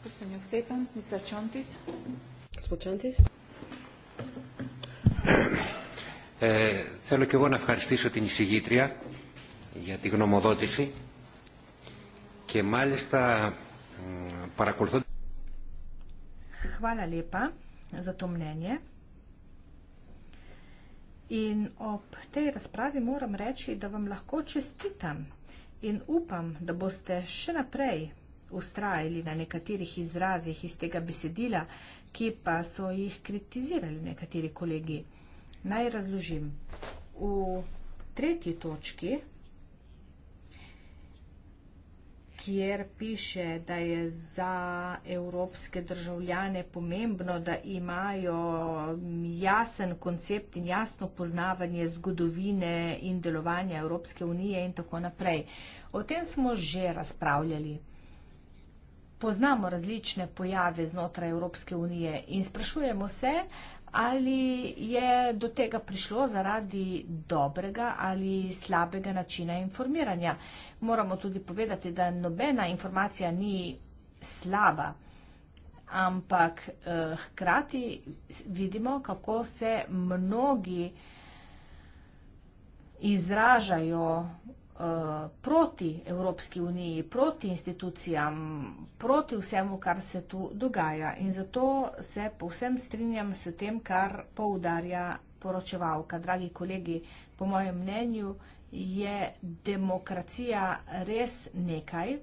Poslednjak Stepan, mister Čontis. Gospod Čontis. Eh, θέλω και εγώ να ευχαριστήσω την εισηγήτρια για τη γνωμοδότηση και μάλιστα παρακολουθώ... Χαλά λίπα για το μνένιο. In ob tej razpravi moram reči, da vam lahko čestitam in upam, da boste še naprej ustrajali na nekaterih izrazih iz tega besedila, ki pa so jih kritizirali nekateri kolegi. Naj razložim. V tretji točki kjer piše, da je za evropske državljane pomembno, da imajo jasen koncept in jasno poznavanje zgodovine in delovanja Evropske unije in tako naprej. O tem smo že razpravljali. Poznamo različne pojave znotraj Evropske unije in sprašujemo se, Ali je do tega prišlo zaradi dobrega ali slabega načina informiranja? Moramo tudi povedati, da nobena informacija ni slaba, ampak eh, hkrati vidimo, kako se mnogi izražajo Eh, proti Evropski uniji, proti institucijam, proti vsemu, kar se tu dogaja. In zato se povsem strinjam s tem, kar poudarja poročevalka. Dragi kolegi, po mojem mnenju je demokracija res nekaj,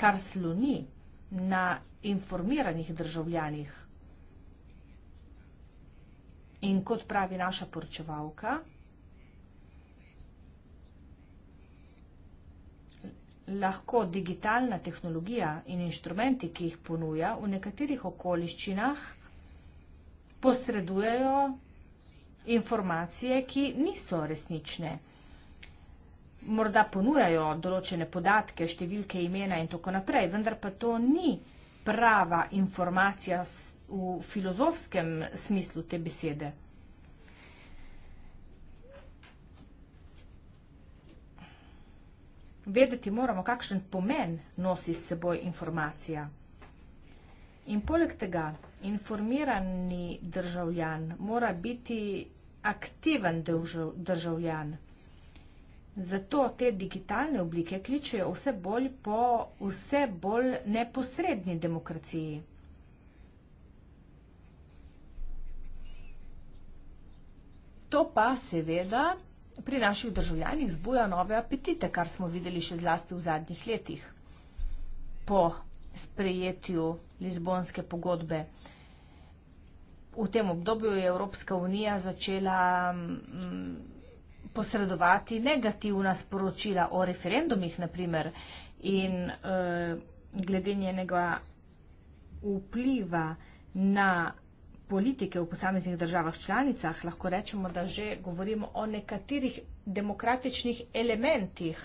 kar sloni na informiranih državljanih. In kot pravi naša poročevalka, lahko digitalna tehnologija in inštrumenti, ki jih ponuja, v nekaterih okoliščinah posredujejo informacije, ki niso resnične. Morda ponujajo določene podatke, številke, imena in tako naprej, vendar pa to ni prava informacija v filozofskem smislu te besede. Vedeti moramo, kakšen pomen nosi s seboj informacija. In poleg tega, informirani državljan mora biti aktiven državljan. Zato te digitalne oblike kličejo vse bolj po vse bolj neposrednji demokraciji. To pa seveda pri naših državljanih zbuja nove apetite, kar smo videli še zlasti v zadnjih letih. Po sprejetju Lizbonske pogodbe v tem obdobju je Evropska unija začela mm, posredovati negativna sporočila o referendumih, naprimer, in eh, glede njenega vpliva na politike v posameznih državah članicah, lahko rečemo, da že govorimo o nekaterih demokratičnih elementih.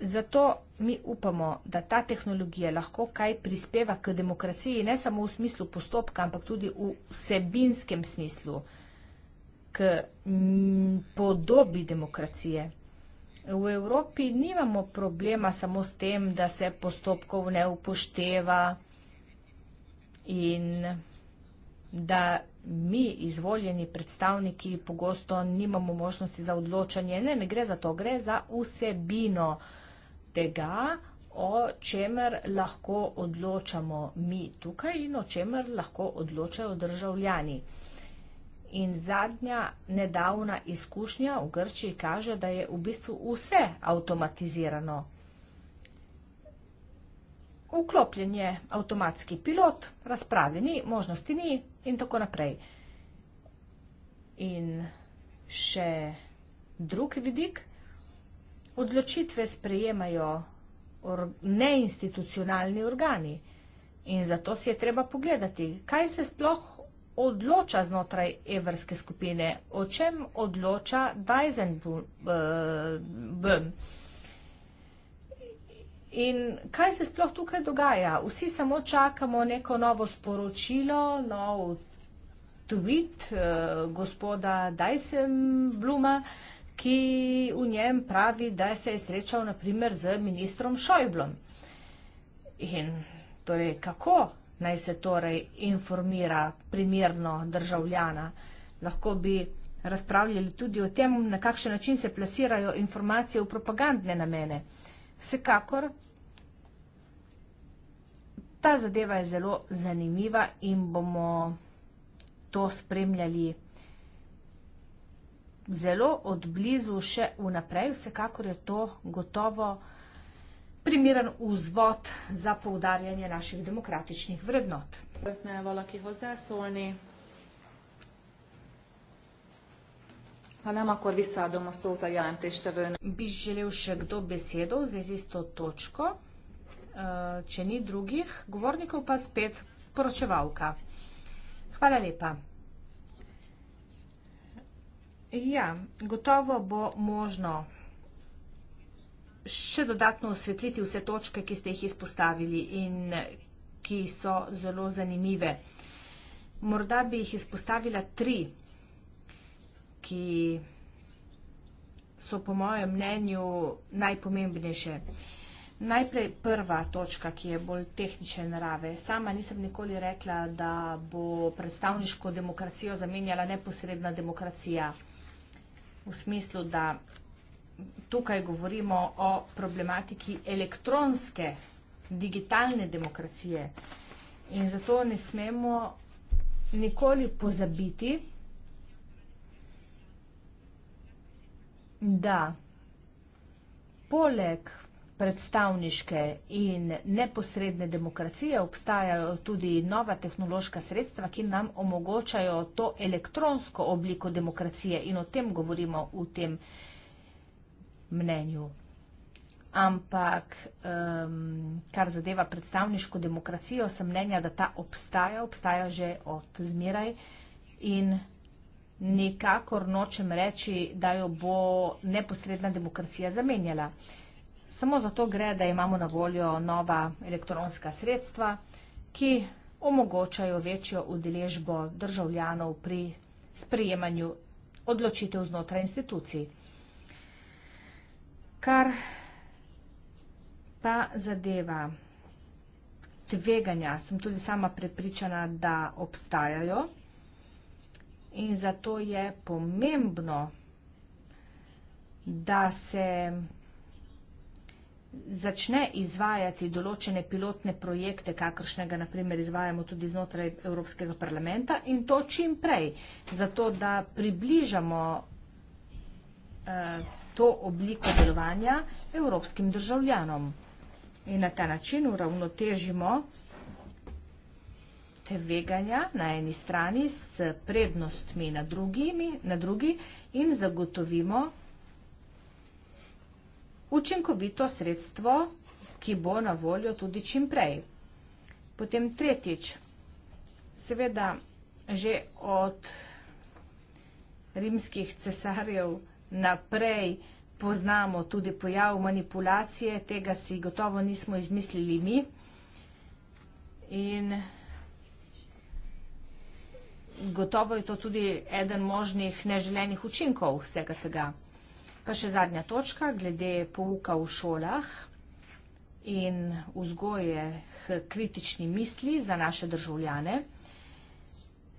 Zato mi upamo, da ta tehnologija lahko kaj prispeva k demokraciji, ne samo v smislu postopka, ampak tudi v sebinskem smislu, k podobi demokracije. V Evropi nimamo problema samo s tem, da se postopkov ne upošteva in da mi, izvoljeni predstavniki, pogosto nimamo možnosti za odločanje. Ne, ne gre za to, gre za vsebino tega, o čemer lahko odločamo mi tukaj in o čemer lahko odločajo državljani. In zadnja nedavna izkušnja v Grčiji kaže, da je v bistvu vse avtomatizirano. Vklopljen je avtomatski pilot, razpravljeni, možnosti ni, in tako naprej. In še drug vidik, odločitve sprejemajo or neinstitucionalni organi in zato si je treba pogledati, kaj se sploh odloča znotraj evrske skupine, o čem odloča Dajzenbum. Uh, eh, In kaj se sploh tukaj dogaja? Vsi samo čakamo neko novo sporočilo, nov tweet eh, gospoda Dyson Bluma, ki v njem pravi, da se je srečal naprimer z ministrom Šojblom. In torej, kako naj se torej informira primerno državljana? Lahko bi razpravljali tudi o tem, na kakšen način se plasirajo informacije v propagandne namene. Vsekakor ta zadeva je zelo zanimiva in bomo to spremljali zelo odblizu še vnaprej. Vsekakor je to gotovo primeren vzvod za poudarjanje naših demokratičnih vrednot. Ne, valaki hozzászólni. Ha nem, akkor visszaadom a szót a jelentéstevőnek. Bi želel še kdo besedo v zvezi s to točko? Eh, če ni drugih govornikov, pa spet poročevalka. Hvala lepa. Ja, gotovo bo možno še dodatno osvetliti vse točke, ki ste jih izpostavili in ki so zelo zanimive. Morda bi jih izpostavila tri ki so po mojem mnenju najpomembnejše. Najprej prva točka, ki je bolj tehnične narave. Sama nisem nikoli rekla, da bo predstavniško demokracijo zamenjala neposredna demokracija. V smislu, da tukaj govorimo o problematiki elektronske, digitalne demokracije. In zato ne smemo nikoli pozabiti, da poleg predstavniške in neposredne demokracije obstajajo tudi nova tehnološka sredstva, ki nam omogočajo to elektronsko obliko demokracije in o tem govorimo v tem mnenju. Ampak, kar zadeva predstavniško demokracijo, sem mnenja, da ta obstaja, obstaja že od zmeraj in nikakor nočem reči, da jo bo neposredna demokracija zamenjala. Samo zato gre, da imamo na voljo nova elektronska sredstva, ki omogočajo večjo udeležbo državljanov pri sprijemanju odločitev znotraj institucij. Kar pa zadeva tveganja, sem tudi sama prepričana, da obstajajo. In zato je pomembno, da se začne izvajati določene pilotne projekte, kakršnega naprimer izvajamo tudi znotraj Evropskega parlamenta in to čim prej, zato da približamo eh, to obliko delovanja evropskim državljanom. In na ta način uravnotežimo tveganja na eni strani s prednostmi na, drugimi, na drugi in zagotovimo učinkovito sredstvo, ki bo na voljo tudi čim prej. Potem tretjič, seveda že od rimskih cesarjev naprej poznamo tudi pojav manipulacije, tega si gotovo nismo izmislili mi. In gotovo je to tudi eden možnih neželenih učinkov vsega tega. Pa še zadnja točka, glede pouka v šolah in vzgoje k kritični misli za naše državljane.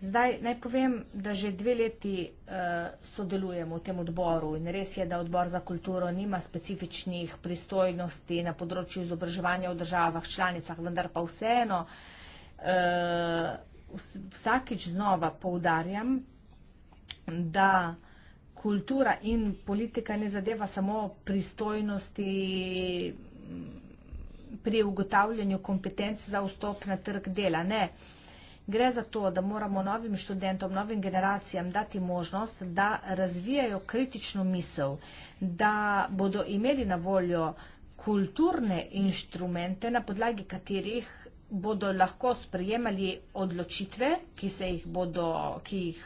Zdaj naj povem, da že dve leti uh, sodelujemo v tem odboru in res je, da odbor za kulturo nima specifičnih pristojnosti na področju izobraževanja v državah članicah, vendar pa vseeno. Uh, vsakič znova poudarjam, da kultura in politika ne zadeva samo pristojnosti mm, pri ugotavljanju kompetenc za vstop na trg dela. Ne. Gre za to, da moramo novim študentom, novim generacijam dati možnost, da razvijajo kritično misel, da bodo imeli na voljo kulturne inštrumente, na podlagi katerih bodo lahko sprejemali odločitve, ki se jih bodo, ki jih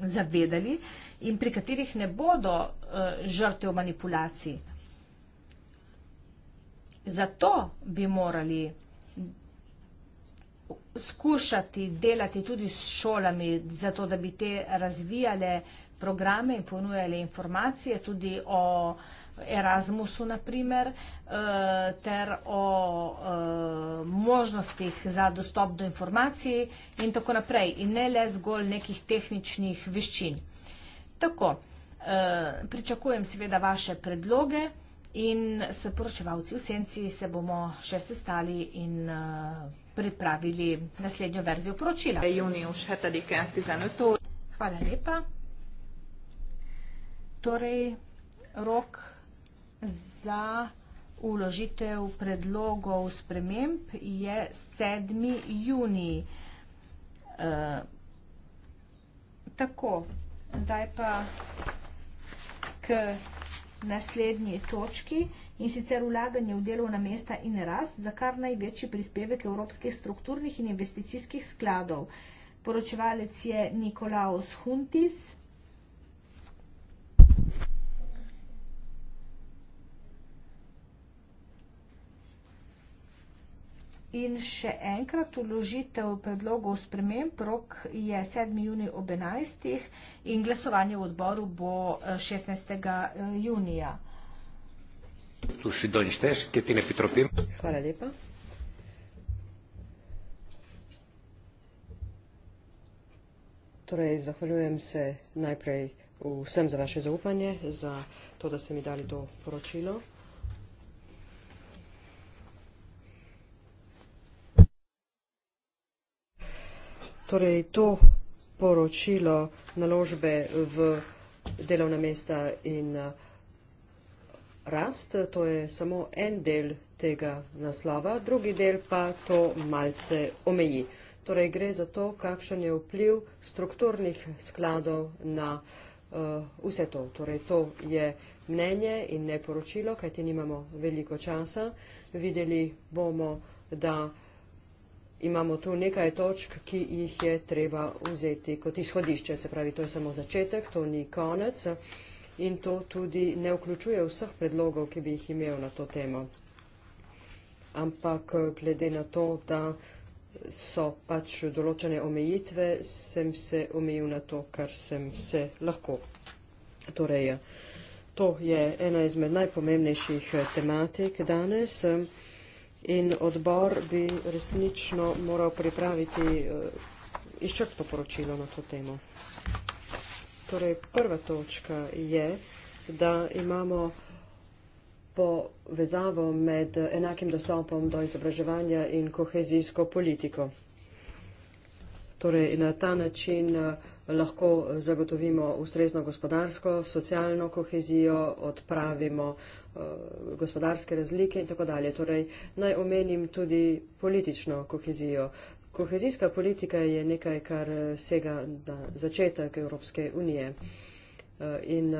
zavedali in pri katerih ne bodo uh, eh, žrte v manipulaciji. Zato bi morali skušati delati tudi s šolami, zato da bi te razvijale programe in ponujale informacije tudi o uh, Erasmusu, naprimer, eh, ter o eh, možnostih za dostop do informacij in tako naprej, in ne le zgolj nekih tehničnih veščin. Tako, eh, pričakujem seveda vaše predloge in s poročevalci v senci se bomo še sestali in pripravili naslednjo verzijo poročila. Hvala lepa. Torej, rok za uložitev predlogov sprememb je 7. juni. Uh, tako, zdaj pa k naslednji točki in sicer ulaganje v delovna mesta in rast, za kar največji prispevek evropskih strukturnih in investicijskih skladov. Poročevalec je Nikolaus Huntis. In še enkrat uložitev predlogov sprememb, rok je 7. juni ob 11. in glasovanje v odboru bo 16. Eh, eh, junija. Hvala lepa. Torej, zahvaljujem se najprej vsem za vaše zaupanje, za to, da ste mi dali to poročilo. torej to poročilo naložbe v delovna mesta in uh, rast, to je samo en del tega naslova, drugi del pa to malce omeji. Torej gre za to, kakšen je vpliv strukturnih skladov na uh, vse to. Torej to je mnenje in ne poročilo, kajti nimamo veliko časa. Videli bomo, da imamo tu nekaj točk, ki jih je treba vzeti kot izhodišče. Se pravi, to je samo začetek, to ni konec in to tudi ne vključuje vseh predlogov, ki bi jih imel na to temo. Ampak glede na to, da so pač določene omejitve, sem se omejil na to, kar sem se lahko. Torej, to je ena izmed najpomembnejših tematik danes in odbor bi resnično moral pripraviti eh, izčrpno poročilo na to temo. Torej, prva točka je, da imamo povezavo med enakim dostopom do izobraževanja in kohezijsko politiko. Torej, na ta način eh, lahko eh, zagotovimo ustrezno gospodarsko, socialno kohezijo, odpravimo eh, gospodarske razlike in tako dalje. Torej, naj omenim tudi politično kohezijo. Kohezijska politika je nekaj, kar sega začetek Evropske unije. In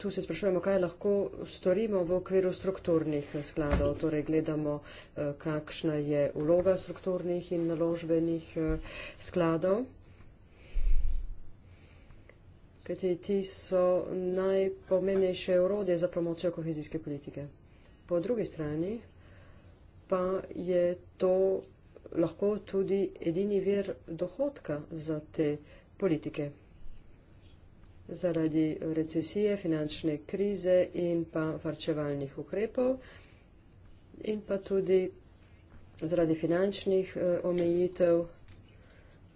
Tu se sprašujemo, kaj lahko storimo v okviru strukturnih skladov. Torej gledamo, eh, kakšna je uloga strukturnih in naložbenih eh, skladov. Kajti ti so najpomembnejše urode za promocijo kohezijske politike. Po drugi strani pa je to lahko tudi edini vir dohodka za te politike zaradi recesije, finančne krize in pa varčevalnih ukrepov in pa tudi zaradi finančnih eh, omejitev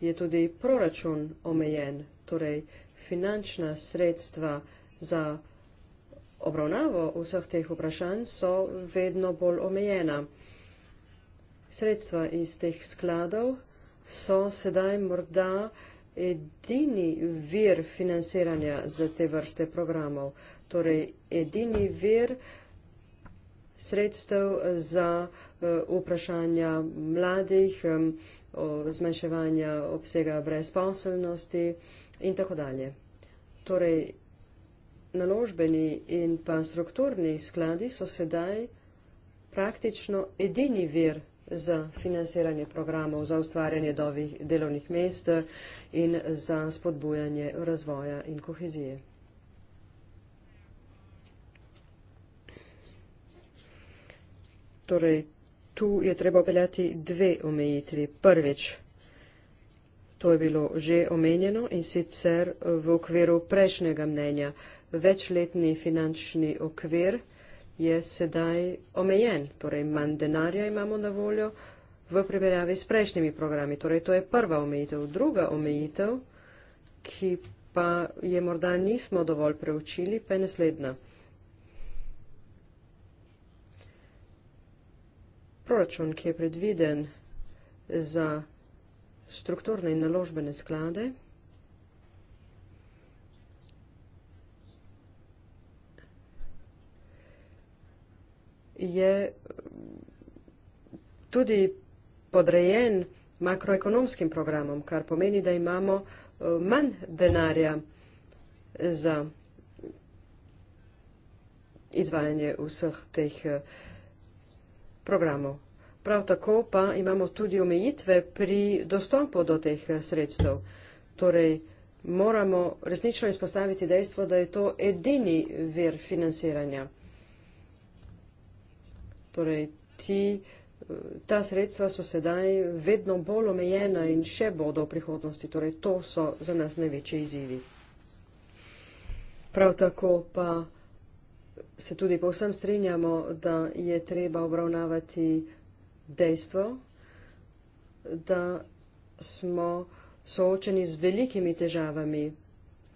je tudi proračun omejen, torej finančna sredstva za obravnavo vseh teh vprašanj so vedno bolj omejena. Sredstva iz teh skladov so sedaj morda vsega, edini vir financiranja za te vrste programov, torej edini vir sredstev za eh, vprašanja mladih, zmanjševanja obsega brezposobnosti in tako dalje. Torej, naložbeni in pa strukturni skladi so sedaj praktično edini vir za financiranje programov, za ustvarjanje novih delovnih mest in za spodbujanje razvoja in kohezije. Torej, tu je treba upeljati dve omejitvi. Prvič, to je bilo že omenjeno in sicer v okviru prejšnjega mnenja večletni finančni okvir, je sedaj omejen, torej manj denarja imamo na voljo v primerjavi s prejšnjimi programi. Torej, to je prva omejitev. Druga omejitev, ki pa je morda nismo dovolj preučili, pa je naslednja. Proračun, ki je predviden za strukturne in naložbene sklade, je tudi podrejen makroekonomskim programom, kar pomeni, da imamo eh, manj denarja za izvajanje vseh teh eh, programov. Prav tako pa imamo tudi omejitve pri dostopu do teh eh, sredstev. Torej, moramo resnično izpostaviti dejstvo, da je to edini vir financiranja. Torej, ti, ta sredstva so sedaj vedno bolj omejena in še bodo v prihodnosti. Torej, to so za nas največji izzivi. Prav tako pa se tudi povsem strinjamo, da je treba obravnavati dejstvo, da smo soočeni z velikimi težavami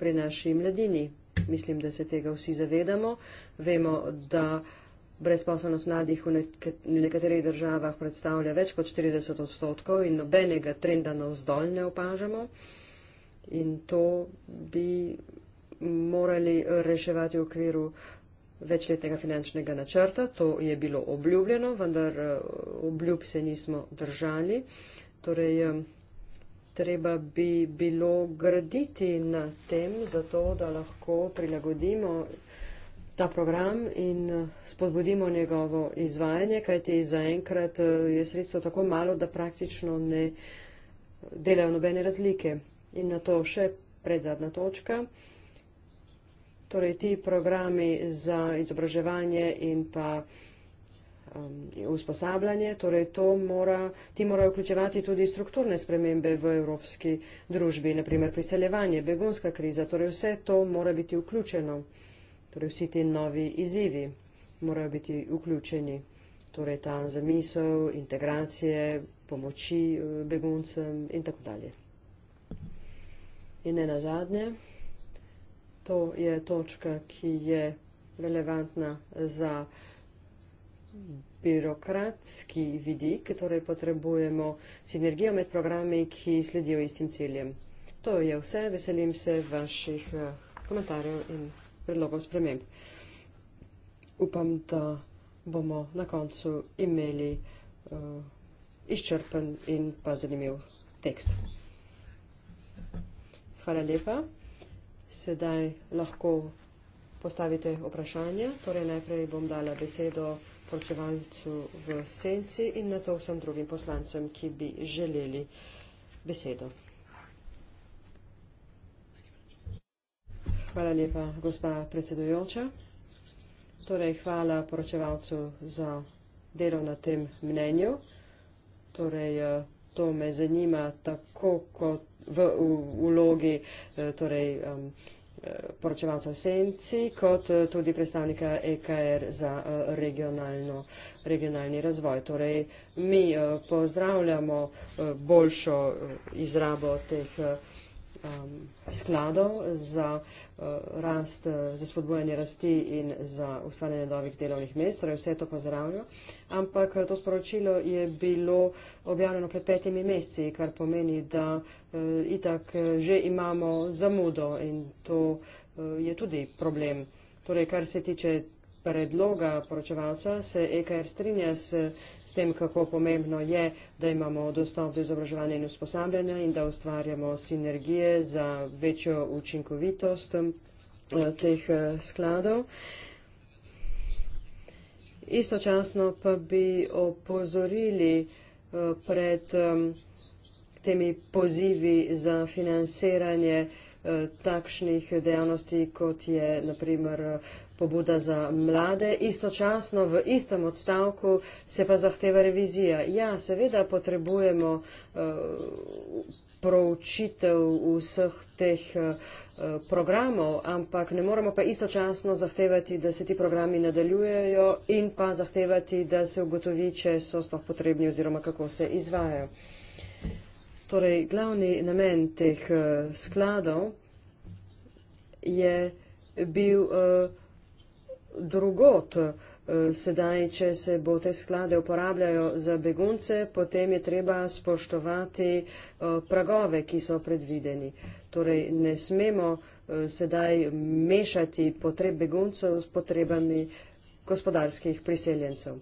pri naši mladini. Mislim, da se tega vsi zavedamo. Vemo, da brezposobnost mladih v, nek v nekaterih državah predstavlja več kot 40 odstotkov in nobenega trenda navzdolj ne opažamo. In to bi morali reševati v okviru večletnega finančnega načrta. To je bilo obljubljeno, vendar obljub se nismo držali. Torej, treba bi bilo graditi na tem, zato da lahko prilagodimo ta program in eh, spodbudimo njegovo izvajanje, kajti zaenkrat eh, je sredstvo tako malo, da praktično ne delajo nobene razlike. In na to še predzadna točka. Torej, ti programi za izobraževanje in pa um, usposabljanje, torej to mora, ti morajo vključevati tudi strukturne spremembe v evropski družbi, naprimer priseljevanje, begonska kriza, torej vse to mora biti vključeno torej vsi ti novi izzivi morajo biti vključeni, torej ta zamisel, integracije, pomoči eh, beguncem in tako dalje. In ne nazadnje, to je točka, ki je relevantna za birokratski vidik, torej potrebujemo sinergijo med programi, ki sledijo istim ciljem. To je vse, veselim se vaših eh, komentarjev in vprašanj predlogom sprememb. Upam, da bomo na koncu imeli uh, izčrpen in pa zanimiv tekst. Hvala lepa. Sedaj lahko postavite vprašanje. Torej najprej bom dala besedo poročevalcu v senci in na to vsem drugim poslancem, ki bi želeli besedo. Hvala lepa, gospa predsedujoča. Torej, hvala poročevalcu za delo na tem mnenju. Torej, eh, to me zanima tako kot v ulogi eh, torej, um, poročevalca v senci, kot tudi predstavnika EKR za regionalno, regionalni razvoj. Torej, mi pozdravljamo boljšo izrabo teh um, skladov za uh, rast, uh, za spodbojanje rasti in za ustvarjanje novih delovnih mest. Torej vse to pozdravljam. Ampak uh, to sporočilo je bilo objavljeno pred petimi meseci, kar pomeni, da uh, itak uh, že imamo zamudo in to uh, je tudi problem. Torej, kar se tiče predloga poročevalca, se EKR strinja s, s tem, kako pomembno je, da imamo dostop do izobraževanja in usposabljanja in da ustvarjamo sinergije za večjo učinkovitost eh, teh eh, skladov. Istočasno pa bi opozorili eh, pred temi pozivi za financiranje takšnih dejavnosti, kot je naprimer pobuda za mlade, istočasno v istem odstavku se pa zahteva revizija. Ja, seveda potrebujemo eh, proučitev vseh teh eh, programov, ampak ne moremo pa istočasno zahtevati, da se ti programi nadaljujejo in pa zahtevati, da se ugotovi, če so sploh potrebni oziroma kako se izvajajo. Torej, glavni namen teh eh, skladov je bil uh, drugot. Eh, sedaj, če se bo te sklade uporabljajo za begunce, potem je treba spoštovati eh, pragove, ki so predvideni. Torej, ne smemo eh, sedaj mešati potreb beguncev s potrebami gospodarskih priseljencev.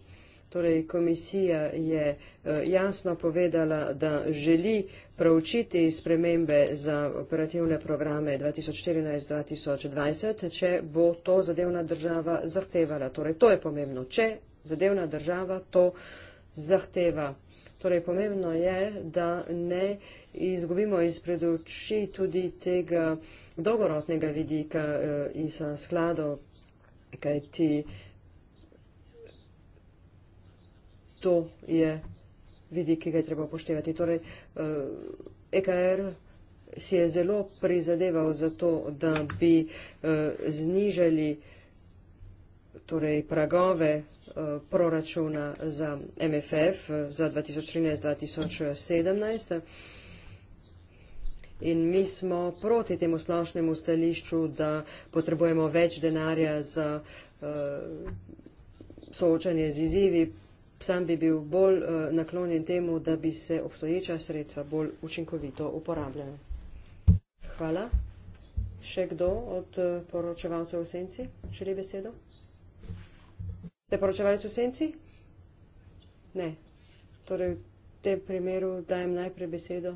Torej, komisija je uh, Eh, jasno povedala, da želi pravčiti spremembe za operativne programe 2014-2020, če bo to zadevna država zahtevala. Torej, to je pomembno, če zadevna država to zahteva. Torej, pomembno je, da ne izgubimo iz predoči tudi tega dolgorotnega vidika eh, iz skladov, kaj ti to je vidik, ki ga je treba upoštevati. Torej, EKR eh, e si je zelo prizadeval za to, da bi eh, znižali torej, pragove eh, proračuna za MFF za 2013-2017. In mi smo proti temu splošnemu stališču, da potrebujemo več denarja za uh, soočanje z izzivi, sam bi bil bolj uh, naklonjen temu, da bi se obstoječa sredstva bolj učinkovito uporabljala. Hvala. Še kdo od uh, poročevalcev v senci želi besedo? Ste poročevalec v senci? Ne. Torej, v tem primeru dajem najprej besedo.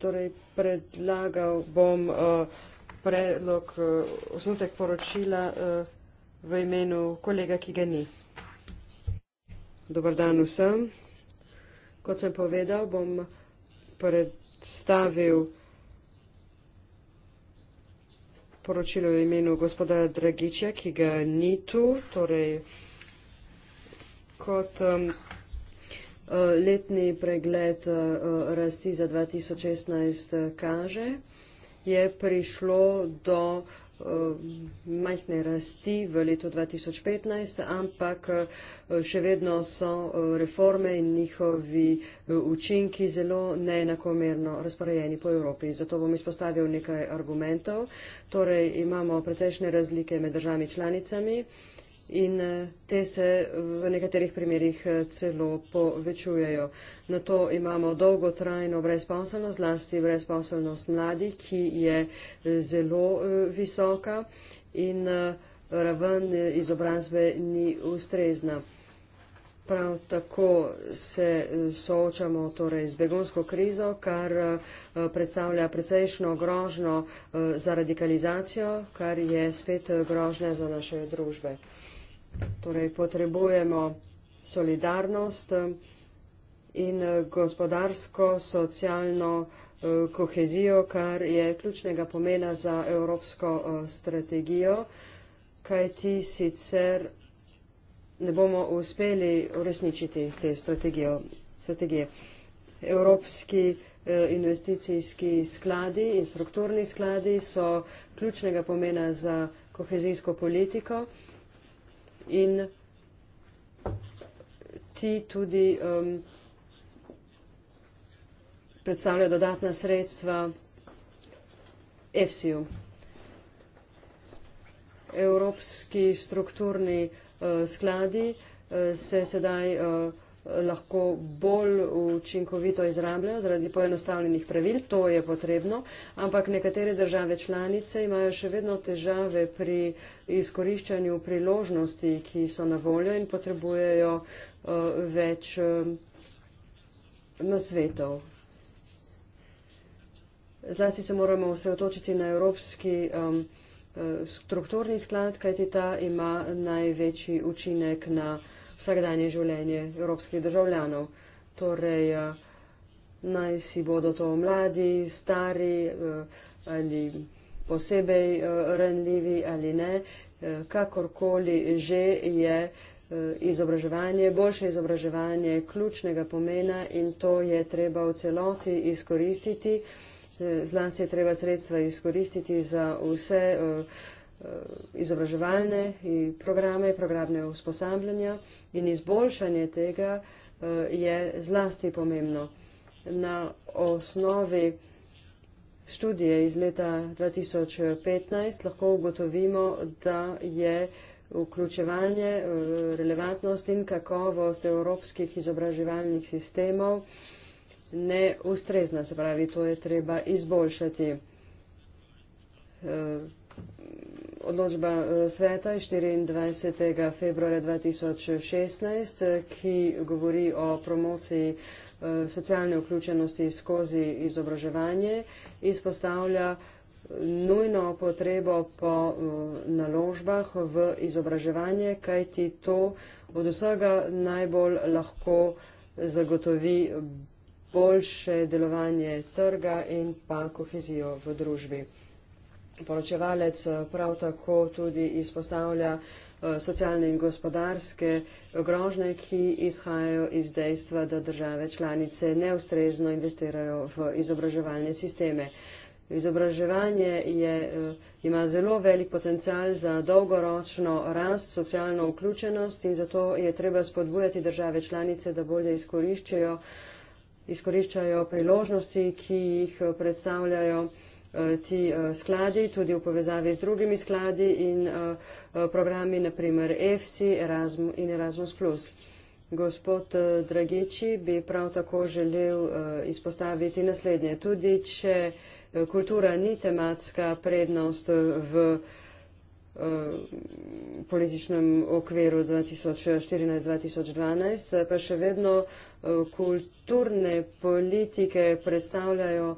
Torej, predlagal bom. Uh, predlog, eh, osnutek poročila eh, v imenu kolega, ki ga ni. Dobar dan vsem. Kot sem povedal, bom predstavil poročilo v imenu gospoda Dragiča, ki ga ni tu. Torej, kot um, letni pregled uh, rasti za 2016 kaže, je prišlo do eh, majhne rasti v letu 2015, ampak eh, še vedno so eh, reforme in njihovi učinki zelo neenakomerno razporejeni po Evropi. Zato bom izpostavil nekaj argumentov. Torej, imamo precejšnje razlike med državami članicami in eh, te se v nekaterih primerjih eh, celo povečujejo. Na to imamo dolgotrajno brezposobnost, zlasti brezposobnost mladih, ki je eh, zelo visoka in raven izobrazbe ni ustrezna. Prav tako se soočamo torej z begonsko krizo, kar predstavlja precejšno grožno za radikalizacijo, kar je spet grožne za naše družbe. Torej, potrebujemo solidarnost eh, in eh, gospodarsko, socialno eh, kohezijo, kar je ključnega pomena za evropsko strategijo, kaj ti sicer ne bomo uspeli uresničiti te strategije. Evropski investicijski skladi in strukturni skladi so ključnega pomena za kohezijsko politiko in ti tudi um, predstavljajo dodatna sredstva EFSI-ju. Evropski strukturni uh, skladi uh, se sedaj uh, lahko bolj učinkovito izrabljajo zaradi poenostavljenih pravil, to je potrebno, ampak nekatere države članice imajo še vedno težave pri izkoriščanju priložnosti, ki so na voljo in potrebujejo uh, več uh, nasvetov. Zlasti se moramo osredotočiti na evropski um, strukturni sklad, kajti ta ima največji učinek na vsakdanje življenje evropskih državljanov. Torej, eh, naj si bodo to mladi, stari eh, ali posebej eh, ranljivi ali ne, kakorkoli že je izobraževanje, boljše izobraževanje ključnega pomena in to je treba v celoti izkoristiti. Zlasti je treba sredstva izkoristiti za vse uh, Eh, izobraževalne programe, programne usposabljanja in izboljšanje tega eh, je zlasti pomembno. Na osnovi študije iz leta 2015 lahko ugotovimo, da je vključevanje, eh, relevantnost in kakovost evropskih izobraževalnih sistemov neustrezna, se pravi, to je treba izboljšati. Eh, odločba eh, sveta iz 24. februarja 2016, eh, ki govori o promociji socialne vključenosti skozi izobraževanje, izpostavlja nujno potrebo po naložbah v izobraževanje, kajti to od vsega najbolj lahko zagotovi boljše delovanje trga in pa kohezijo v družbi poročevalec eh, prav tako tudi izpostavlja eh, socialne in gospodarske grožne, ki izhajajo iz dejstva, da države članice neustrezno investirajo v izobraževalne sisteme. Izobraževanje je, eh, ima zelo velik potencial za dolgoročno rast, socialno vključenost in zato je treba spodbujati države članice, da bolje izkoriščajo priložnosti, ki jih predstavljajo uh, Eh, ti eh, skladi, tudi v povezavi z drugimi skladi in eh, programi, naprimer EFSI in Erasmus. Gospod Dragiči bi prav tako želel izpostaviti naslednje. Tudi, če kultura ni tematska prednost v političnem okviru 2014-2012, pa še vedno kulturne politike predstavljajo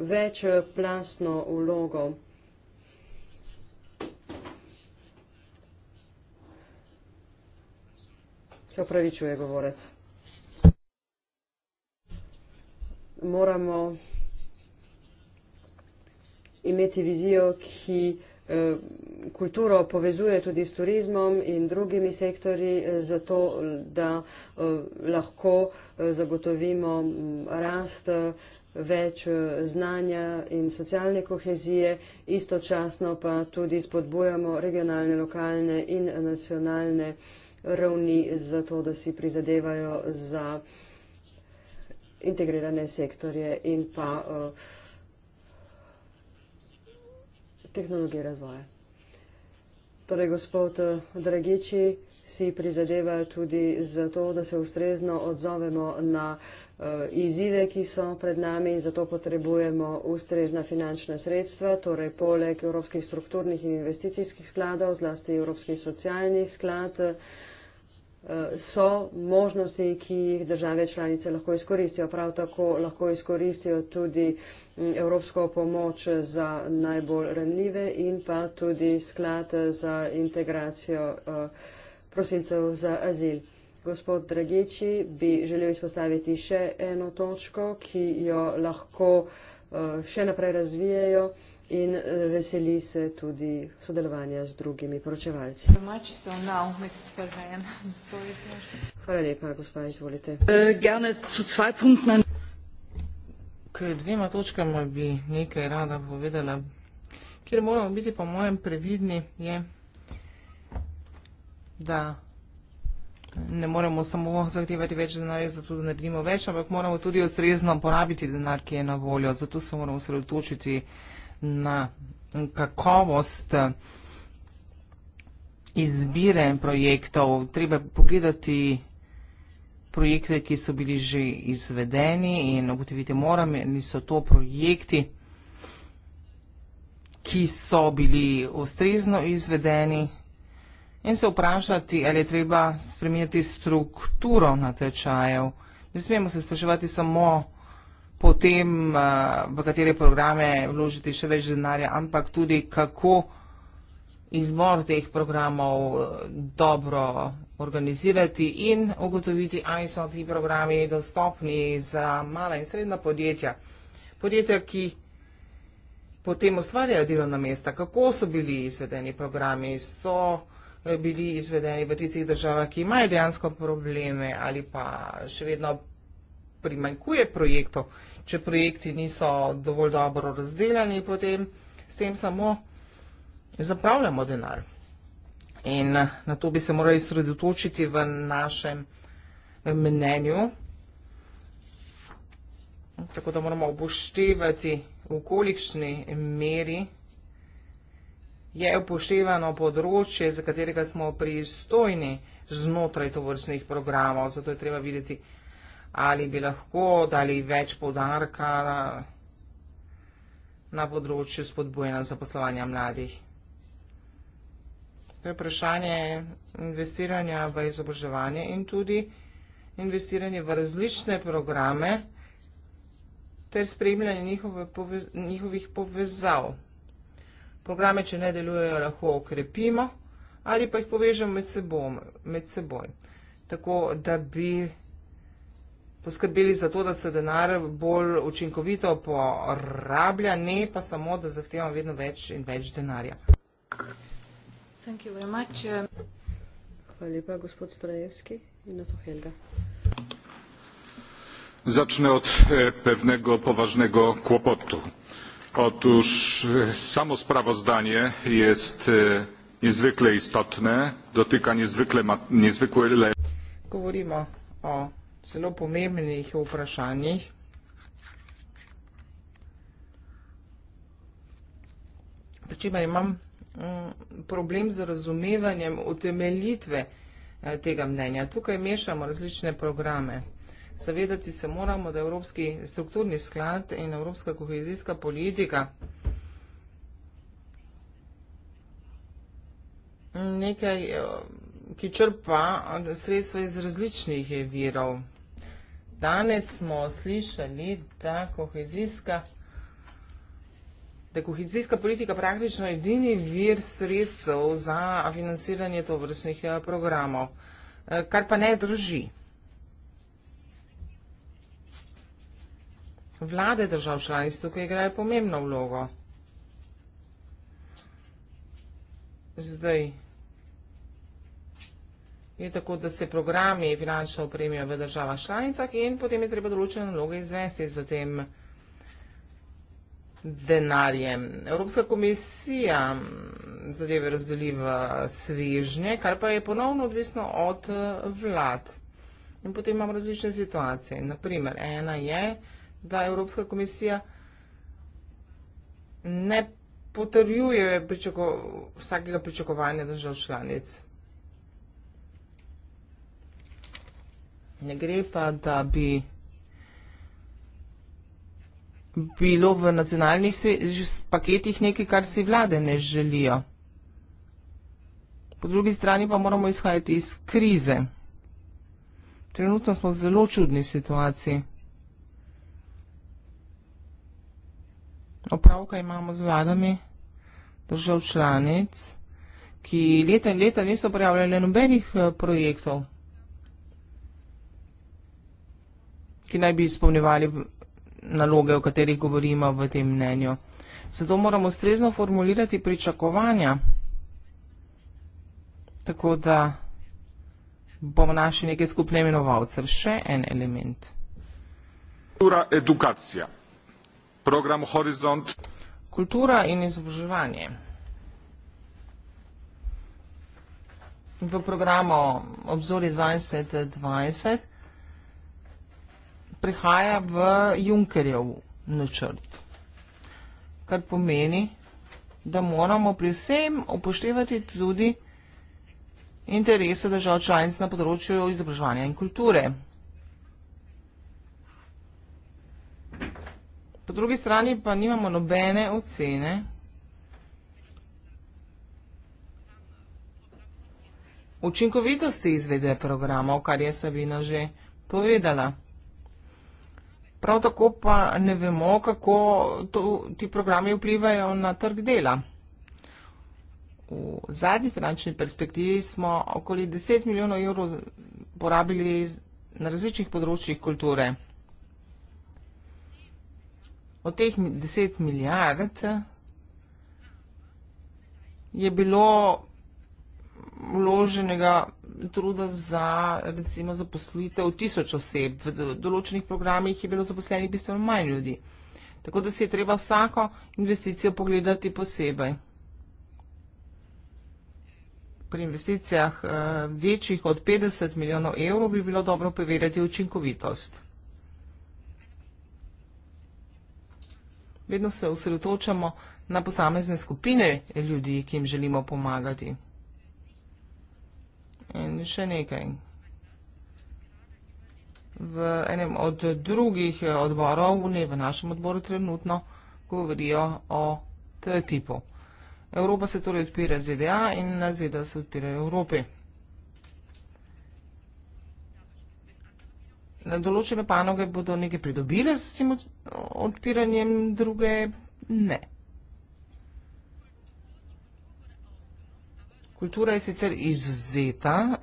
večplastno vlogo. Se upravičuje govorec. Moramo imeti vizijo, ki je Eh, kulturo povezuje tudi s turizmom in drugimi sektori, eh, zato da eh, lahko zagotovimo mm, rast več znanja in socialne kohezije, istočasno pa tudi spodbujamo regionalne, lokalne in nacionalne ravni za to, da si prizadevajo za integrirane sektorje in pa uh, tehnologije razvoja. Torej, gospod Dragiči si prizadeva tudi za to, da se ustrezno odzovemo na eh, izzive, ki so pred nami in zato potrebujemo ustrezna finančna sredstva, torej poleg evropskih strukturnih in investicijskih skladov, zlasti evropski socialni sklad. Eh, so možnosti, ki jih države članice lahko izkoristijo. Prav tako lahko izkoristijo tudi mm, evropsko pomoč za najbolj ranljive in pa tudi sklad za integracijo eh, prosilcev za azil. Gospod Dragiči bi želel izpostaviti še eno točko, ki jo lahko eh, še naprej razvijajo in eh, veseli se tudi sodelovanja z drugimi poročevalci. Hvala lepa, gospa, izvolite. Eh, K dvema točkama bi nekaj rada povedala. Kjer moramo biti po mojem previdni je, da ne moremo samo zahtevati več denarja, zato da naredimo več, ampak moramo tudi ustrezno porabiti denar, ki je na voljo. Zato se moramo sredotočiti na na kakovost eh, izbire projektov. Treba pogledati projekte, ki so bili že izvedeni in ugotoviti moram, ali so to projekti, ki so bili ustrezno izvedeni in se vprašati, ali je treba spremeniti strukturo natečajev. Ne smemo se spraševati samo o potem eh, v katere programe vložiti še več denarja, ampak tudi kako izbor teh programov eh, dobro organizirati in ugotoviti, ali so ti programi dostopni za mala in srednja podjetja. Podjetja, ki potem ustvarjajo delovna mesta, kako so bili izvedeni programi, so eh, bili izvedeni v tistih državah, ki imajo dejansko probleme ali pa še vedno primanjkuje projektov, če projekti niso dovolj dobro razdeljeni, potem s tem samo zapravljamo denar. In eh, na to bi se morali sredotočiti v našem mnenju. Tako da moramo upoštevati, v kolikšni meri je upoštevano področje, za katerega smo pristojni znotraj tovrstnih programov. Zato je treba videti, kako je ali bi lahko dali več povdarka na, na področju spodbujanja zaposlovanja mladih. To je vprašanje investiranja v izobraževanje in tudi investiranje v različne programe ter spremljanje njihove povez, njihovih povezav. Programe, če ne delujejo, lahko okrepimo ali pa jih povežemo med, med seboj. Tako da bi poskrbeli za to, da se denar bolj učinkovito porablja, ne pa samo, da zahtevamo vedno več in več denarja. Um, Hvala lepa, gospod Strajevski in na to Helga. Zacznę od e, pewnego poważnego kłopotu. Otóż e, samo sprawozdanie jest e, niezwykle istotne, dotyka niezwykle... niezwykle... Mówimy o zelo pomembnih vprašanjih. Pričemer imam mm, problem z razumevanjem utemeljitve eh, tega mnenja. Tukaj mešamo različne programe. Zavedati se moramo, da Evropski strukturni sklad in Evropska kohezijska politika nekaj eh, ki črpa eh, sredstva iz različnih virov. Danes smo slišali, da kohezijska da kohezijska politika praktično edini vir sredstev za financiranje tovrstnih eh, programov, eh, kar pa ne drži. Vlade držav članic tukaj igrajo pomembno vlogo. Zdaj je tako, da se programi finančno opremijo v državah članicah in potem je treba določene naloge izvesti z tem denarjem. Evropska komisija zadeve razdeli v svežnje, kar pa je ponovno odvisno od vlad. In potem imamo različne situacije. Naprimer, ena je, da Evropska komisija ne potrjuje pričako, vsakega pričakovanja držav članic. Ne gre pa, da bi bilo v nacionalnih paketih nekaj, kar si vlade ne želijo. Po drugi strani pa moramo izhajati iz krize. Trenutno smo v zelo čudni situaciji. Opravka imamo z vladami držav članic, ki leta in leta niso prijavljali nobenih eh, projektov. ki naj bi izpolnjevali naloge, o katerih govorimo v tem mnenju. Zato moramo strezno formulirati pričakovanja, tako da bomo našli neke skupne imenovalce. Še en element. Kultura, edukacija, program Horizont. Kultura in izobraževanje. V programu Obzori 2020 prihaja v Junkerjev načrt. Kar pomeni, da moramo pri vsem upoštevati tudi interese držav članic na področju izobraževanja in kulture. Po drugi strani pa nimamo nobene ocene, učinkovitosti izvede programov, kar je Sabina že povedala. Prav tako pa ne vemo, kako to, ti programi vplivajo na trg dela. V zadnji finančni perspektivi smo okoli 10 milijonov evrov porabili na različnih področjih kulture. Od teh 10 milijard je bilo vloženega truda za recimo zaposlitev tisoč oseb. V določenih programih je bilo zaposlenih bistveno manj ljudi. Tako da si je treba vsako investicijo pogledati posebej. Pri investicijah eh, večjih od 50 milijonov evrov bi bilo dobro preverjati učinkovitost. Vedno se osredotočamo na posamezne skupine ljudi, ki jim želimo pomagati. In še nekaj. V enem od drugih odborov, ne v našem odboru trenutno, govorijo o T-tipu. Evropa se torej odpira ZDA in na ZDA se odpira Evropi. Na določene panoge bodo nekaj pridobile s tem odpiranjem, druge ne. Kultura je sicer izuzeta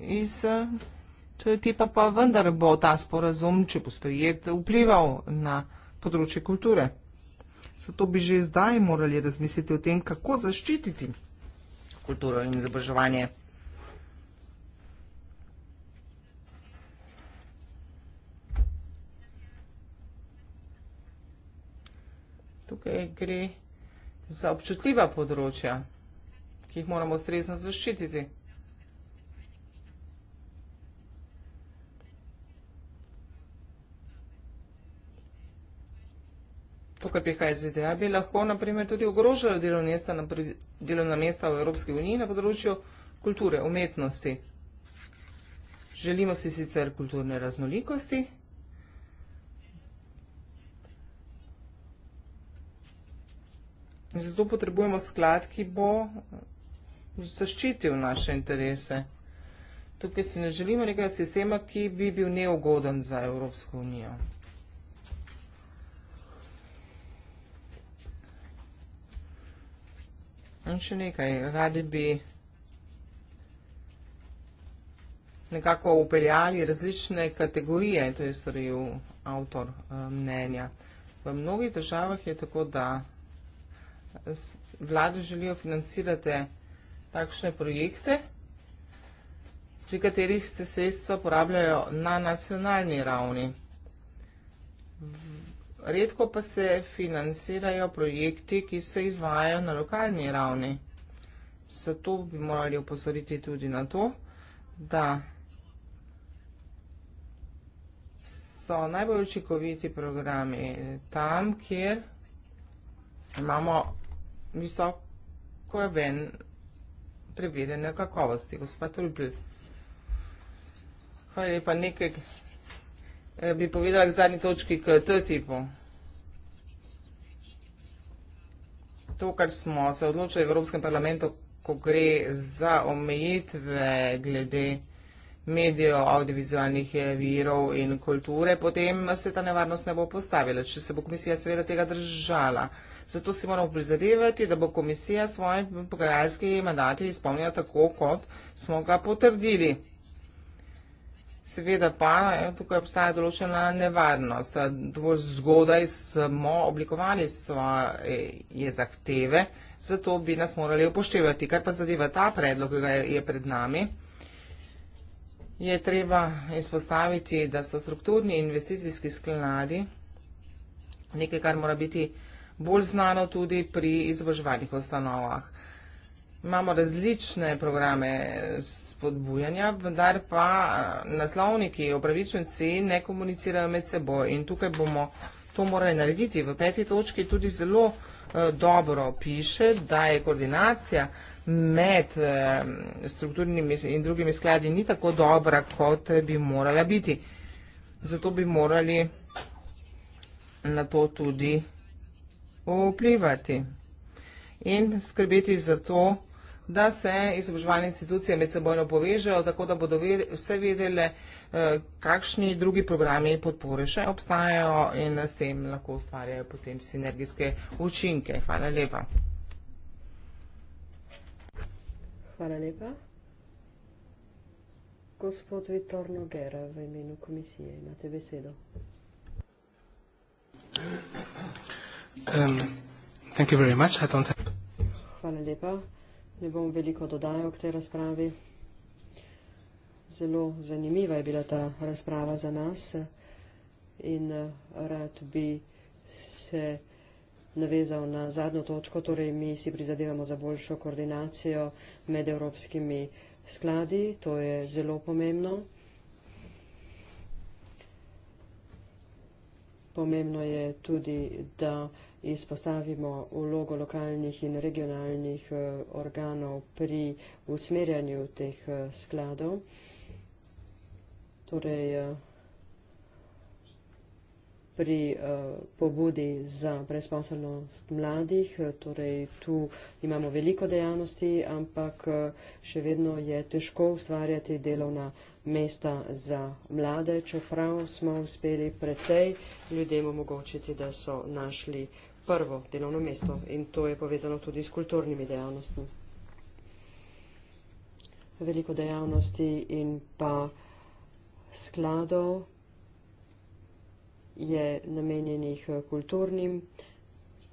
iz eh, tepa, pa vendar bo ta sporazum, če bo sprejet, vplival na področje kulture. Zato bi že zdaj morali razmisliti o tem, kako zaščititi kulturo in izobraževanje. Tukaj gre za občutljiva področja ki jih moramo ustrezno zaščititi. To, kar prihaja iz ZDA, bi lahko naprimer tudi ogrožalo delovna mesta v Evropski uniji na področju kulture, umetnosti. Želimo si sicer kulturne raznolikosti, zato potrebujemo sklad, ki bo zaščitil naše interese. Tukaj si ne želimo nekaj sistema, ki bi bil neugoden za Evropsko unijo. In še nekaj, radi bi nekako upeljali različne kategorije, to je storil avtor eh, mnenja. V mnogih državah je tako, da vlade želijo financirati vse, takšne projekte, pri katerih se sredstva porabljajo na nacionalni ravni. Redko pa se financirajo projekti, ki se izvajajo na lokalni ravni. Zato bi morali upozoriti tudi na to, da so najbolj učinkoviti programi tam, kjer imamo visoko raven preverjene kakovosti, gospa Trubil. Hvala lepa, nekaj eh, bi povedala k zadnji točki, k T-tipu. To, kar smo se odločili v Evropskem parlamentu, ko gre za omejitve glede vsega, medijev, audiovizualnih eh, virov in kulture, potem se ta nevarnost ne bo postavila, če se bo komisija seveda tega držala. Zato si moramo prizadevati, da bo komisija svoje pogajalske mandate izpolnila tako, kot smo ga potrdili. Seveda pa eh, tukaj obstaja določena nevarnost. Dovolj zgodaj smo oblikovali svoje eh, zahteve, zato bi nas morali upoštevati. Kar pa zadeva ta predlog, ki ga je pred nami, je treba izpostaviti, da so strukturni investicijski skladi nekaj, kar mora biti bolj znano tudi pri izobraževalnih ustanovah. Imamo različne programe spodbujanja, vendar pa eh, naslovniki, opravičenci ne komunicirajo med seboj in tukaj bomo to morali narediti. V peti točki tudi zelo vsega, Eh, dobro piše, da je koordinacija med eh, strukturnimi in drugimi skladi ni tako dobra, kot bi morala biti. Zato bi morali na to tudi vplivati in skrbeti za to, da se izobraževalne institucije med sebojno povežajo, tako da bodo vse vedele, da se izobraževalne institucije med sebojno povežajo, Eh, kakšni drugi programi podpore še obstajajo in s tem lahko ustvarjajo potem sinergijske učinke. Hvala lepa. Hvala lepa. Gospod Vitorno Gera v imenu komisije, imate besedo. Um, Hvala lepa. Ne bom veliko dodajal k tej razpravi. Zelo zanimiva je bila ta razprava za nas eh, in eh, rad bi se navezal na zadnjo točko, torej mi si prizadevamo za boljšo koordinacijo med evropskimi skladi, to je zelo pomembno. Pomembno je tudi, da izpostavimo vlogo lokalnih in regionalnih eh, organov pri usmerjanju teh skladov torej eh, pri eh, pobudi za brezposobnost mladih, eh, torej tu imamo veliko dejavnosti, ampak še vedno je težko ustvarjati delovna mesta za mlade, čeprav smo uspeli precej ljudem omogočiti, da so našli prvo delovno mesto in to je povezano tudi s kulturnimi dejavnostmi. Veliko dejavnosti in pa skladov je namenjenih eh, kulturnim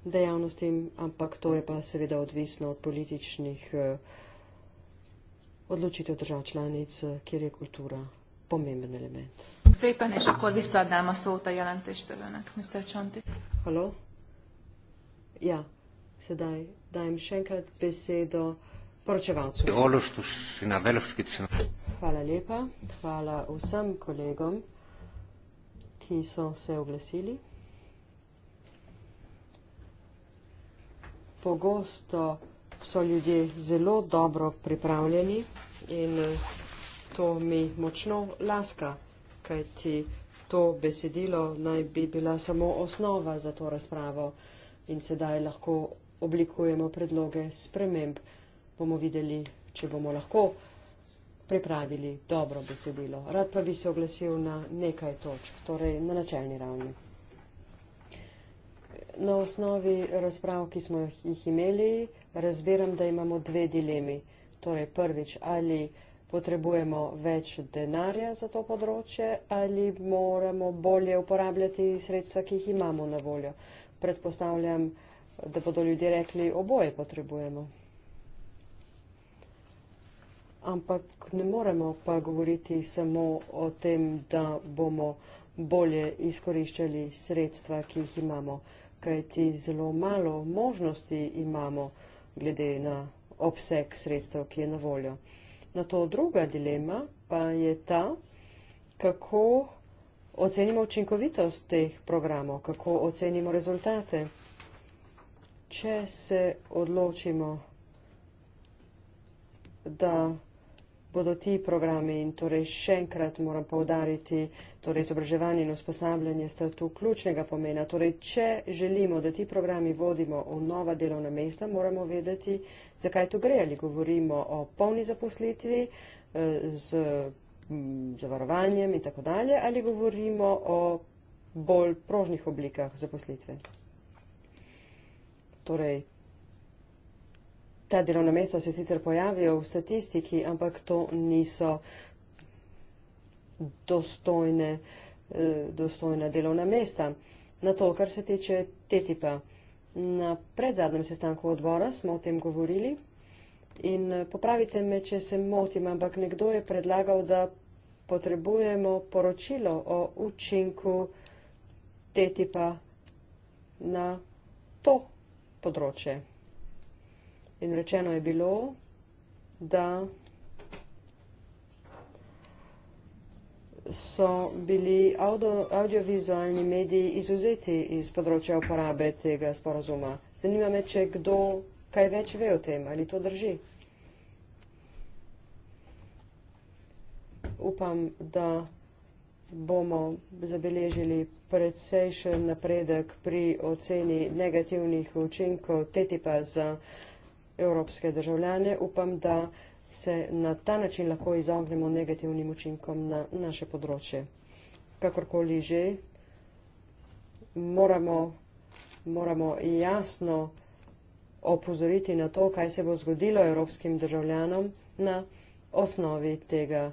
dejavnostim, ampak to je pa seveda odvisno od političnih eh, odločitev držav članic, eh, kjer je kultura pomemben element. Szépen, és akkor visszaadnám a szót a jelentéstevőnek, Mr. Csonti. Halló? Ja, szedaj, dajem senkát beszédo poročevalcu. Hvala lepa, hvala vsem kolegom, ki so se oglesili. Pogosto so ljudje zelo dobro pripravljeni in eh, to mi močno laska, kajti to besedilo naj bi bila samo osnova za to razpravo in sedaj lahko oblikujemo predloge sprememb bomo videli, če bomo lahko pripravili dobro besedilo. Rad pa bi se oglasil na nekaj točk, torej na načelni ravni. Na osnovi razprav, ki smo jih imeli, razbiram, da imamo dve dilemi. Torej prvič, ali potrebujemo več denarja za to področje ali moramo bolje uporabljati sredstva, ki jih imamo na voljo. Predpostavljam, da bodo ljudje rekli, oboje potrebujemo ampak ne moremo pa govoriti samo o tem, da bomo bolje izkoriščali sredstva, ki jih imamo, kajti zelo malo možnosti imamo glede na obseg sredstev, ki je na voljo. Na to druga dilema pa je ta, kako ocenimo učinkovitost teh programov, kako ocenimo rezultate. Če se odločimo, da bodo ti programi in torej še enkrat moram povdariti, torej izobraževanje in usposabljanje sta tu ključnega pomena. Torej, če želimo, da ti programi vodimo v nova delovna mesta, moramo vedeti, zakaj tu gre. Ali govorimo o polni zaposlitvi eh, z zavarovanjem in tako dalje, ali govorimo o bolj prožnih oblikah zaposlitve. Torej, Ta delovna mesta se sicer pojavijo v statistiki, ampak to niso dostojne, eh, dostojna delovna mesta. Na to, kar se tiče TTIP-a. Na predzadnjem sestanku odbora smo o tem govorili in eh, popravite me, če se motim, ampak nekdo je predlagal, da potrebujemo poročilo o učinku TTIP-a na to področje. In rečeno je bilo, da so bili audio, audiovizualni mediji izuzeti iz področja uporabe tega sporazuma. Zanima me, če kdo kaj več ve o tem, ali to drži. Upam, da bomo zabeležili predsejšen napredek pri oceni negativnih učinkov TTIP-a za uh, evropske državljane. Upam, da se na ta način lahko izognemo negativnim učinkom na naše področje. Kakorkoli že, moramo, moramo jasno opozoriti na to, kaj se bo zgodilo evropskim državljanom na osnovi tega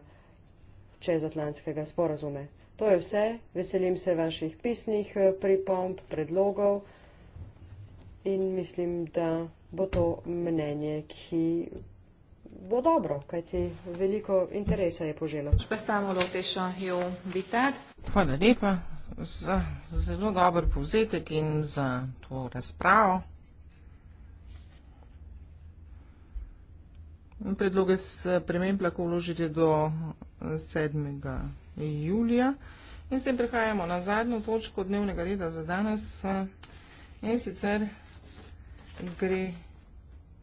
čezatlantskega sporazume. To je vse. Veselim se vaših pisnih pripomb, predlogov in mislim, da bo to mnenje, ki bo dobro, kajti veliko interesa je poželo. Hvala lepa za zelo dober povzetek in za to razpravo. Predloge s premembe lahko vložite do 7. julija. In s tem prehajamo na zadnjo točko dnevnega reda za danes. Eh, in sicer gre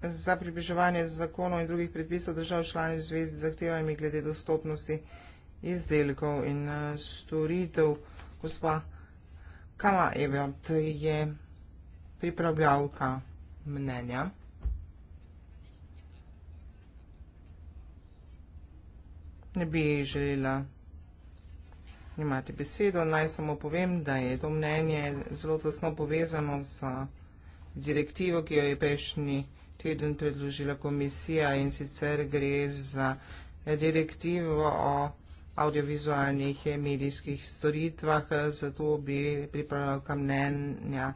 za približevanje zakonov in drugih predpisov držav članic v zvezi z zahtevami glede dostopnosti izdelkov in eh, storitev. Gospa Kama Evert je pripravljavka mnenja. Ne bi želela imati besedo. Naj samo povem, da je to mnenje zelo tesno povezano z vsega, direktivo, ki jo je prejšnji teden predložila komisija in sicer gre za direktivo o audiovizualnih medijskih storitvah, zato bi pripravljala mnenja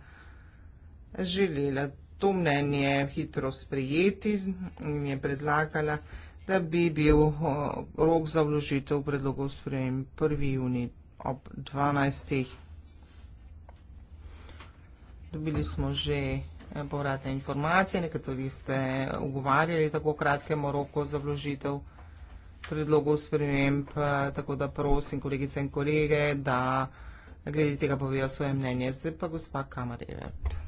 želela to mnenje hitro sprejeti in je predlagala, da bi bil rok za vložitev predlogov sprejem 1. juni ob 12. Dobili smo že eh, povratne informacije, nekateri ste ugovarjali tako kratkemu roku za vložitev predlogov sprememb, eh, tako da prosim kolegice in kolege, da glede tega povejo svoje mnenje. Zdaj pa gospa Kamarirat.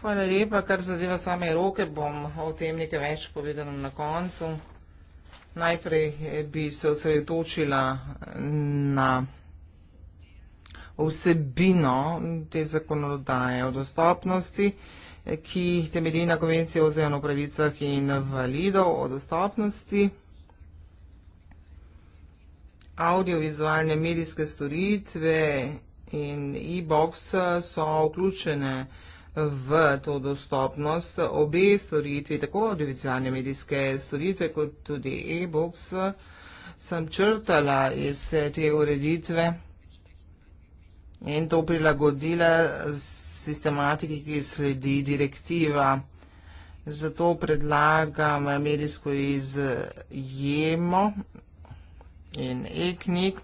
Hvala lepa, kar zadeva same roke, bom o tem nekaj več povedala na koncu. Najprej bi se osredotočila na vsega, vsebino te zakonodaje o dostopnosti, ki temelji na konvenciji o zajedno pravicah in validov o dostopnosti, audiovizualne medijske storitve in e-box so vključene v to dostopnost. Obe storitvi, tako audiovizualne medijske storitve, kot tudi e-box, sem črtala iz te ureditve in to prilagodile sistematiki, ki sledi direktiva. Zato predlagam medijsko izjemo in e-knjig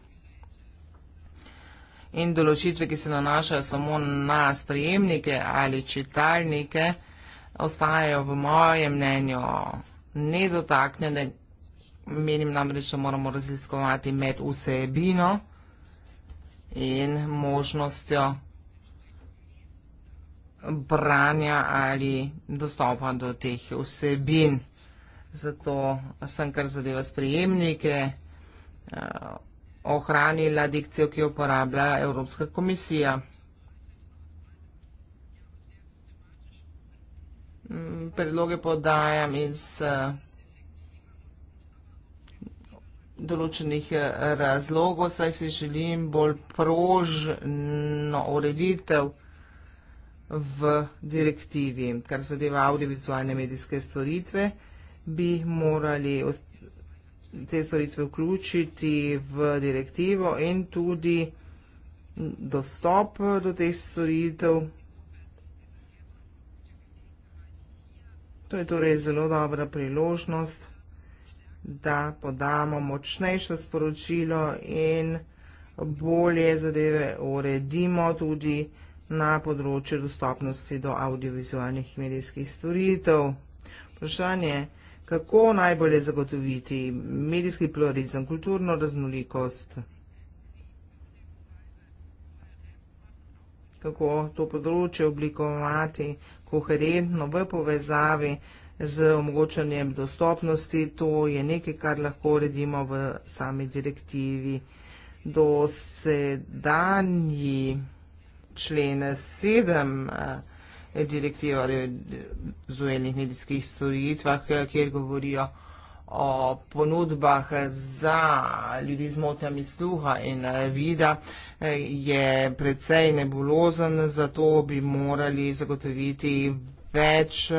in določitve, ki se nanašajo samo na sprejemnike ali čitalnike, ostajajo v mojem mnenju nedotaknjene. Menim namreč, da moramo raziskovati med vsebino in možnostjo branja ali dostopa do teh vsebin. Zato sem kar zadeva sprejemnike eh, ohranila dikcijo, ki jo uporablja Evropska komisija. Mm, predloge podajam iz eh, določenih eh, razlogov, saj si želim bolj prožno ureditev v direktivi, kar zadeva audiovizualne medijske storitve, bi morali te storitve vključiti v direktivo in tudi dostop eh, do teh storitev. To je torej zelo dobra priložnost da podamo močnejše sporočilo in bolje zadeve uredimo tudi na področju dostopnosti do audiovizualnih medijskih storitev. Vprašanje, kako najbolje zagotoviti medijski pluralizem, kulturno raznolikost? Kako to področje oblikovati koherentno v povezavi z omogočanjem dostopnosti. To je nekaj, kar lahko uredimo v sami direktivi. Do sedanji člene 7 eh, direktiva o zujenih medijskih storitvah, eh, kjer govorijo o ponudbah za ljudi z motnjami sluha in eh, vida, je precej nebulozen, zato bi morali zagotoviti več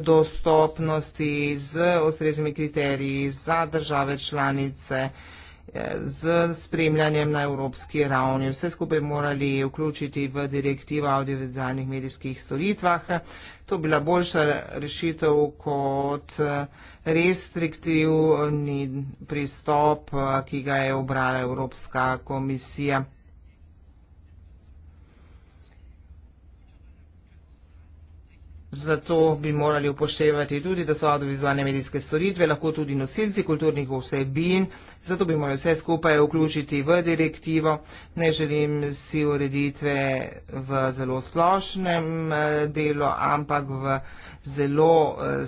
dostopnosti, z ostrezimi kriteriji za države članice, eh, z spremljanjem na evropski ravni. Vse skupaj morali vključiti v direktivo o audiovizualnih medijskih storitvah. To bila boljša rešitev kot eh, restriktivni pristop, eh, ki ga je obrala Evropska komisija. Zato bi morali upoštevati tudi, da so audiovizualne medijske storitve lahko tudi nosilci kulturnih vsebin, zato bi morali vse skupaj vključiti v direktivo. Ne želim si ureditve v zelo splošnem eh, delu, ampak v zelo. Eh,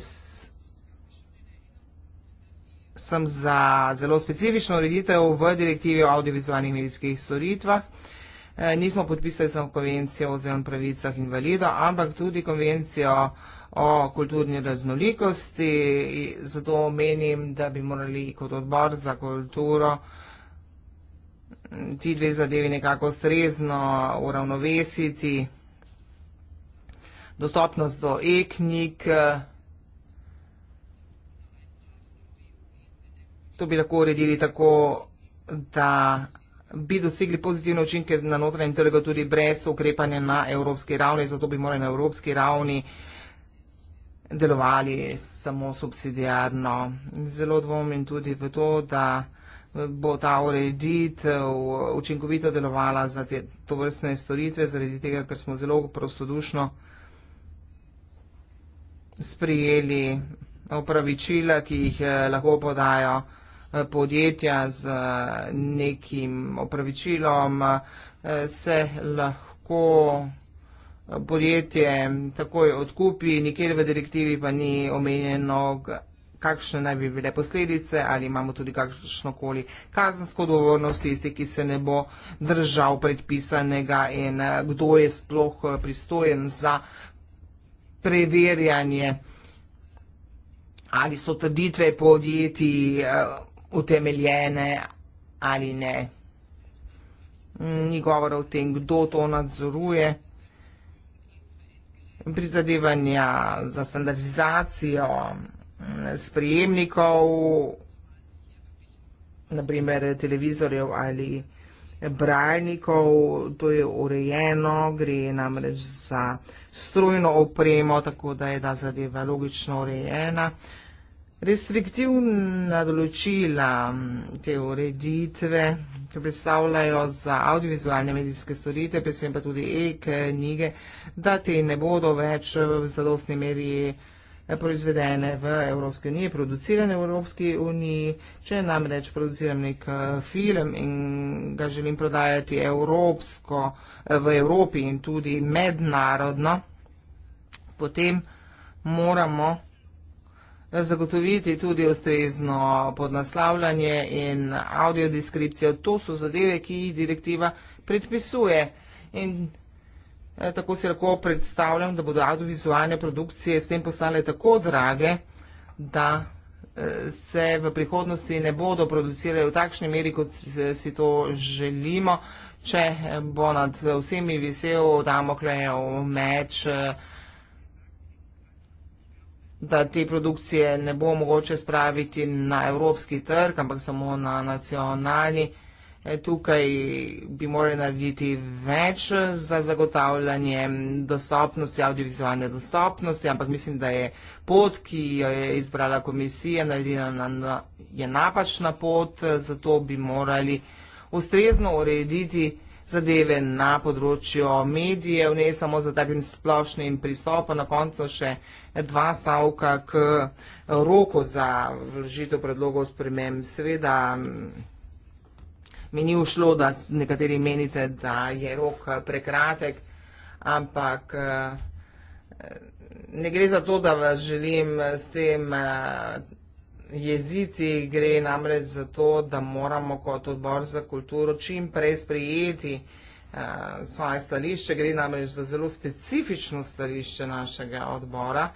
sem za zelo specifično ureditev v direktivi o audiovizualnih medijskih storitvah. Eh, nismo podpisali samo konvencijo o zelen pravicah invalida, ampak tudi konvencijo o kulturni raznolikosti. Zato menim, da bi morali kot odbor za kulturo mm, ti dve zadevi nekako strezno uravnovesiti. Dostopnost do e-knjig. Eh, to bi lahko uredili tako, da bi dosegli pozitivne učinke na notranjem trgu tudi brez ukrepanja na evropski ravni, zato bi morali na evropski ravni delovali samo subsidijarno. Zelo dvomim tudi v to, da bo ta ureditev učinkovito delovala za te tovrstne storitve, zaradi tega, ker smo zelo prostodušno sprijeli opravičila, ki jih eh, lahko podajo podjetja z eh, nekim opravičilom, eh, se lahko eh, podjetje takoj odkupi, nikjer v direktivi pa ni omenjeno, kakšne naj bi bile posledice ali imamo tudi kakšnokoli kazensko odgovornost tisti, ki se ne bo držal predpisanega in kdo je sploh pristojen za preverjanje ali so trditve podjetij utemeljene ali ne. Ni govora o tem, kdo to nadzoruje. Prizadevanja za standardizacijo mm, sprejemnikov, naprimer televizorjev ali bralnikov, to je urejeno, gre namreč za strojno opremo, tako da je ta zadeva logično urejena. Restriktivna določila te ureditve, ki predstavljajo za audiovizualne medijske storitve, predvsem pa tudi e-knjige, da te ne bodo več v zadostni meri eh, proizvedene v Evropski uniji, producirane v Evropski uniji. Če namreč produciram nek eh, film in ga želim prodajati evropsko, eh, v Evropi in tudi mednarodno, potem moramo zagotoviti tudi ustrezno podnaslavljanje in audiodeskripcijo. To so zadeve, ki jih direktiva predpisuje. In eh, tako si lahko predstavljam, da bodo audiovizualne produkcije s tem postale tako drage, da eh, se v prihodnosti ne bodo producirale v takšni meri, kot si eh, to želimo, če bo nad vsemi visel Damoklejev meč da te produkcije ne bo mogoče spraviti na evropski trg, ampak samo na nacionalni. E, tukaj bi morali narediti več za zagotavljanje dostopnosti, audiovizualne dostopnosti, ampak mislim, da je pot, ki jo je izbrala komisija, naredila na, na, je napačna pot, zato bi morali ustrezno urediti zadeve na področju medijev, ne samo za takim splošnim pristopom, na koncu še dva stavka k roku za vložitev predlogov spremem. Seveda mi ni ušlo, da nekateri menite, da je rok prekratek, ampak eh, ne gre za to, da vas želim s tem eh, jeziti, gre namreč za to, da moramo kot odbor za kulturo čim prej sprijeti uh, eh, svoje stališče, gre namreč za zelo specifično stališče našega odbora.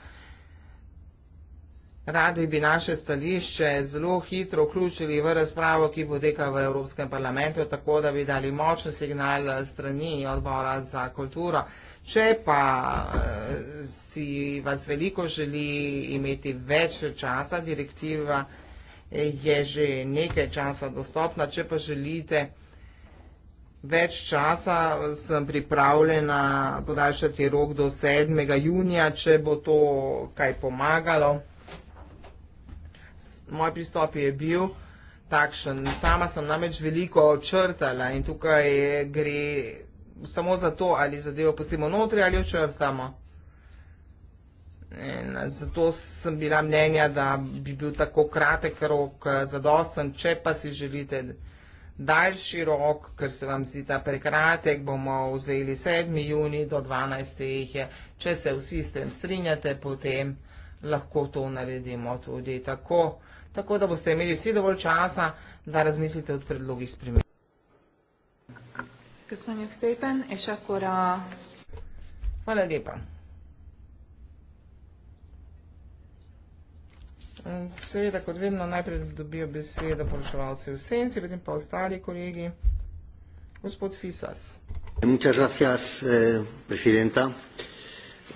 Radi bi naše stališče zelo hitro vključili v razpravo, ki poteka v Evropskem parlamentu, tako da bi dali močen signal strani odbora za kulturo. Če pa eh, si vas veliko želi imeti več časa, direktiva eh, je že nekaj časa dostopna. Če pa želite več časa, sem pripravljena podaljšati rok do 7. junija, če bo to kaj pomagalo. Moj pristop je bil takšen. Sama sem namreč veliko črtala in tukaj gre samo za to, ali zadevo pustimo notri ali jo črtamo. In zato sem bila mnenja, da bi bil tako kratek rok eh, zadosten, če pa si želite daljši rok, ker se vam zdi ta prekratek, bomo vzeli 7. juni do 12. jih je. Če se vsi s tem strinjate, potem lahko to naredimo tudi tako, tako da boste imeli vsi dovolj časa, da razmislite od predlogih spremenja. Köszönjük szépen, és akkor a... Hvala lepa. Seveda, kot vedno, najprej dobijo besedo poročevalci v senci, potem pa ostali kolegi. Gospod Fisas. Muchas gracias, eh, presidenta.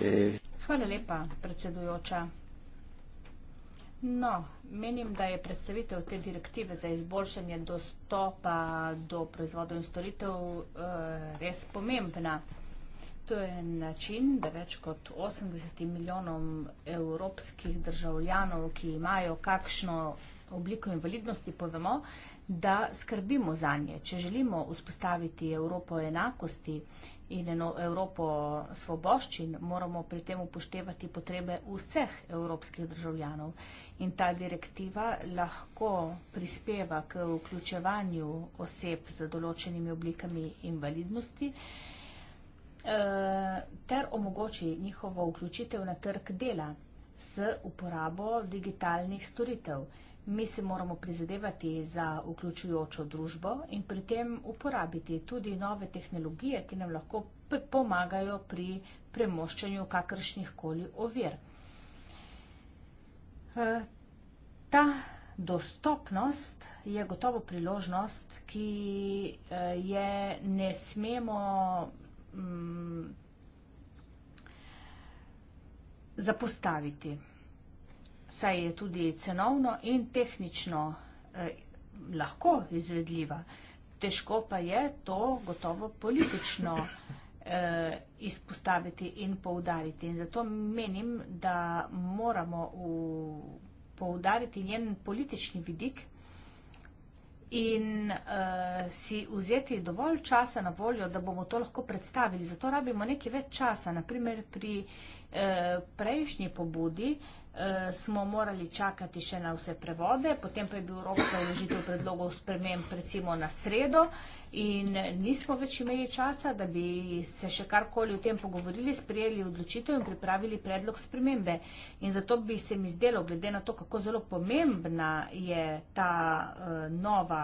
Eh... Hvala lepa, predsedujoča. No, menim, da je predstavitev te direktive za izboljšanje dostopa do proizvodov in storitev eh, res pomembna. To je način, da več kot 80 milijonom evropskih državljanov, ki imajo kakšno obliko invalidnosti, povemo, da skrbimo za nje. Če želimo vzpostaviti Evropo enakosti in Evropo svoboščin, moramo pri tem upoštevati potrebe vseh evropskih državljanov. In ta direktiva lahko prispeva k vključevanju oseb z določenimi oblikami invalidnosti eh, ter omogoči njihovo vključitev na trg dela z uporabo digitalnih storitev. Mi se moramo prizadevati za vključujočo družbo in pri tem uporabiti tudi nove tehnologije, ki nam lahko pomagajo pri premoščanju kakršnih koli ovir. Eh, ta dostopnost je gotovo priložnost, ki eh, je ne smemo mm, zapostaviti. Saj je tudi cenovno in tehnično eh, lahko izvedljiva. Težko pa je to gotovo politično izvedljiva eh, izpostaviti in poudariti. In zato menim, da moramo v, poudariti njen politični vidik in eh, si vzeti dovolj časa na voljo, da bomo to lahko predstavili. Zato rabimo nekaj več časa. Naprimer, pri eh, prejšnji pobudi eh, Eh, smo morali čakati še na vse prevode, potem pa je bil rok za vložitev predlogov sprememb recimo na sredo in nismo več imeli časa, da bi se še karkoli o tem pogovorili, sprejeli odločitev in pripravili predlog spremembe. In zato bi se mi zdelo, glede na to, kako zelo pomembna je ta uh, nova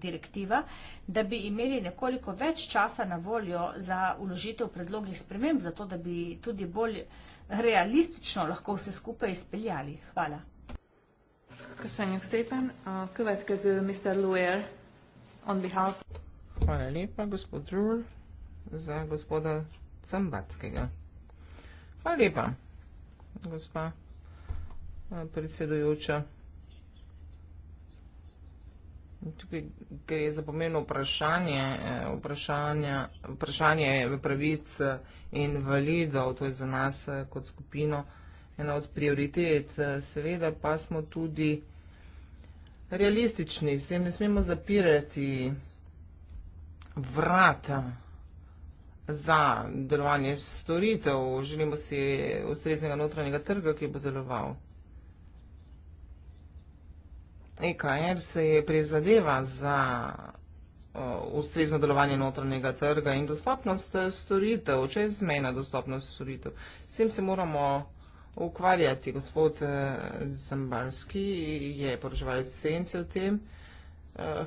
direktiva, da bi imeli nekoliko več časa na voljo za vložitev predlogih sprememb, zato da bi tudi bolj uh, realistično lahko vse skupaj izpeljali. Hvala. Kršenjuk Stepan, következő Mr. Lujer, on behalf. Hvala lepa, gospod Rul, za gospoda Cambackega. Hvala lepa, gospa predsedujoča. Tukaj gre za pomembno vprašanje, e, vprašanje, vprašanje pravic invalidov. To je za nas eh, kot skupino ena od prioritet. Eh, seveda pa smo tudi realistični, s tem ne smemo zapirati vrata za delovanje storitev. Želimo si ustreznega notranjega trga, ki bo deloval. EKR se je prizadeva za Eh, ustrezno delovanje notranjega trga in dostopnost eh, storitev, čezmejna dostopnost storitev. S tem se moramo ukvarjati. Gospod eh, Zambarski je poročeval sence v tem,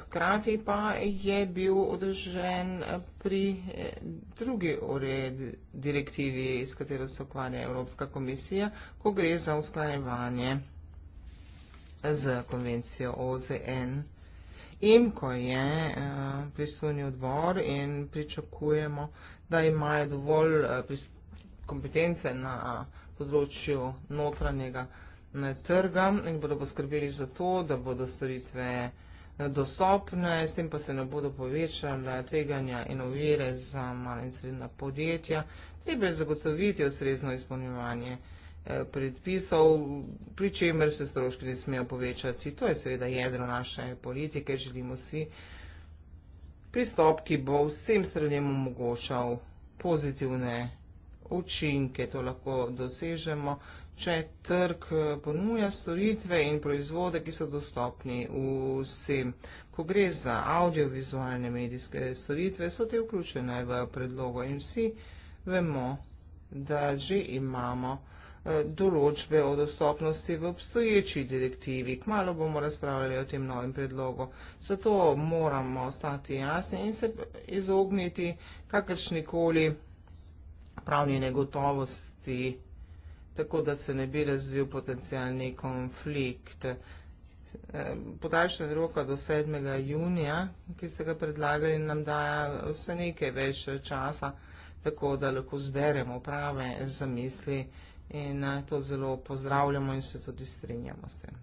hkrati pa je bil održen pri drugi ured direktivi, s katero se ukvarja Evropska komisija, ko gre za usklajevanje z konvencijo OZN. EMKO je eh, pristojni odbor in pričakujemo, da imajo dovolj eh, kompetence na eh, področju notranjega trga in bodo poskrbeli za to, da bodo storitve dostopne, s tem pa se ne bodo povečale tveganja in ovire za malo in srednja podjetja. Treba je zagotoviti osrezno izpolnjevanje Eh, predpisov, pri čemer se stroški ne smejo povečati. To je seveda jedro naše politike, želimo si pristop, ki bo vsem stranjem omogočal pozitivne učinke. To lahko dosežemo, če trg eh, ponuja storitve in proizvode, ki so dostopni vsem. Ko gre za audiovizualne medijske storitve, so te vključene v predlogo in vsi vemo, da že imamo predpisov, Eh, določbe o dostopnosti v obstoječi direktivi. Kmalo bomo razpravljali o tem novem predlogu. Zato moramo ostati jasni in se izogniti kakršnikoli pravni negotovosti, tako da se ne bi razvil potencijalni konflikt. Eh, podaljšanje roka do 7. junija, ki ste ga predlagali, nam daja vse nekaj več časa, tako da lahko zberemo prave zamisli in eh, to zelo pozdravljamo in se tudi strinjamo s tem.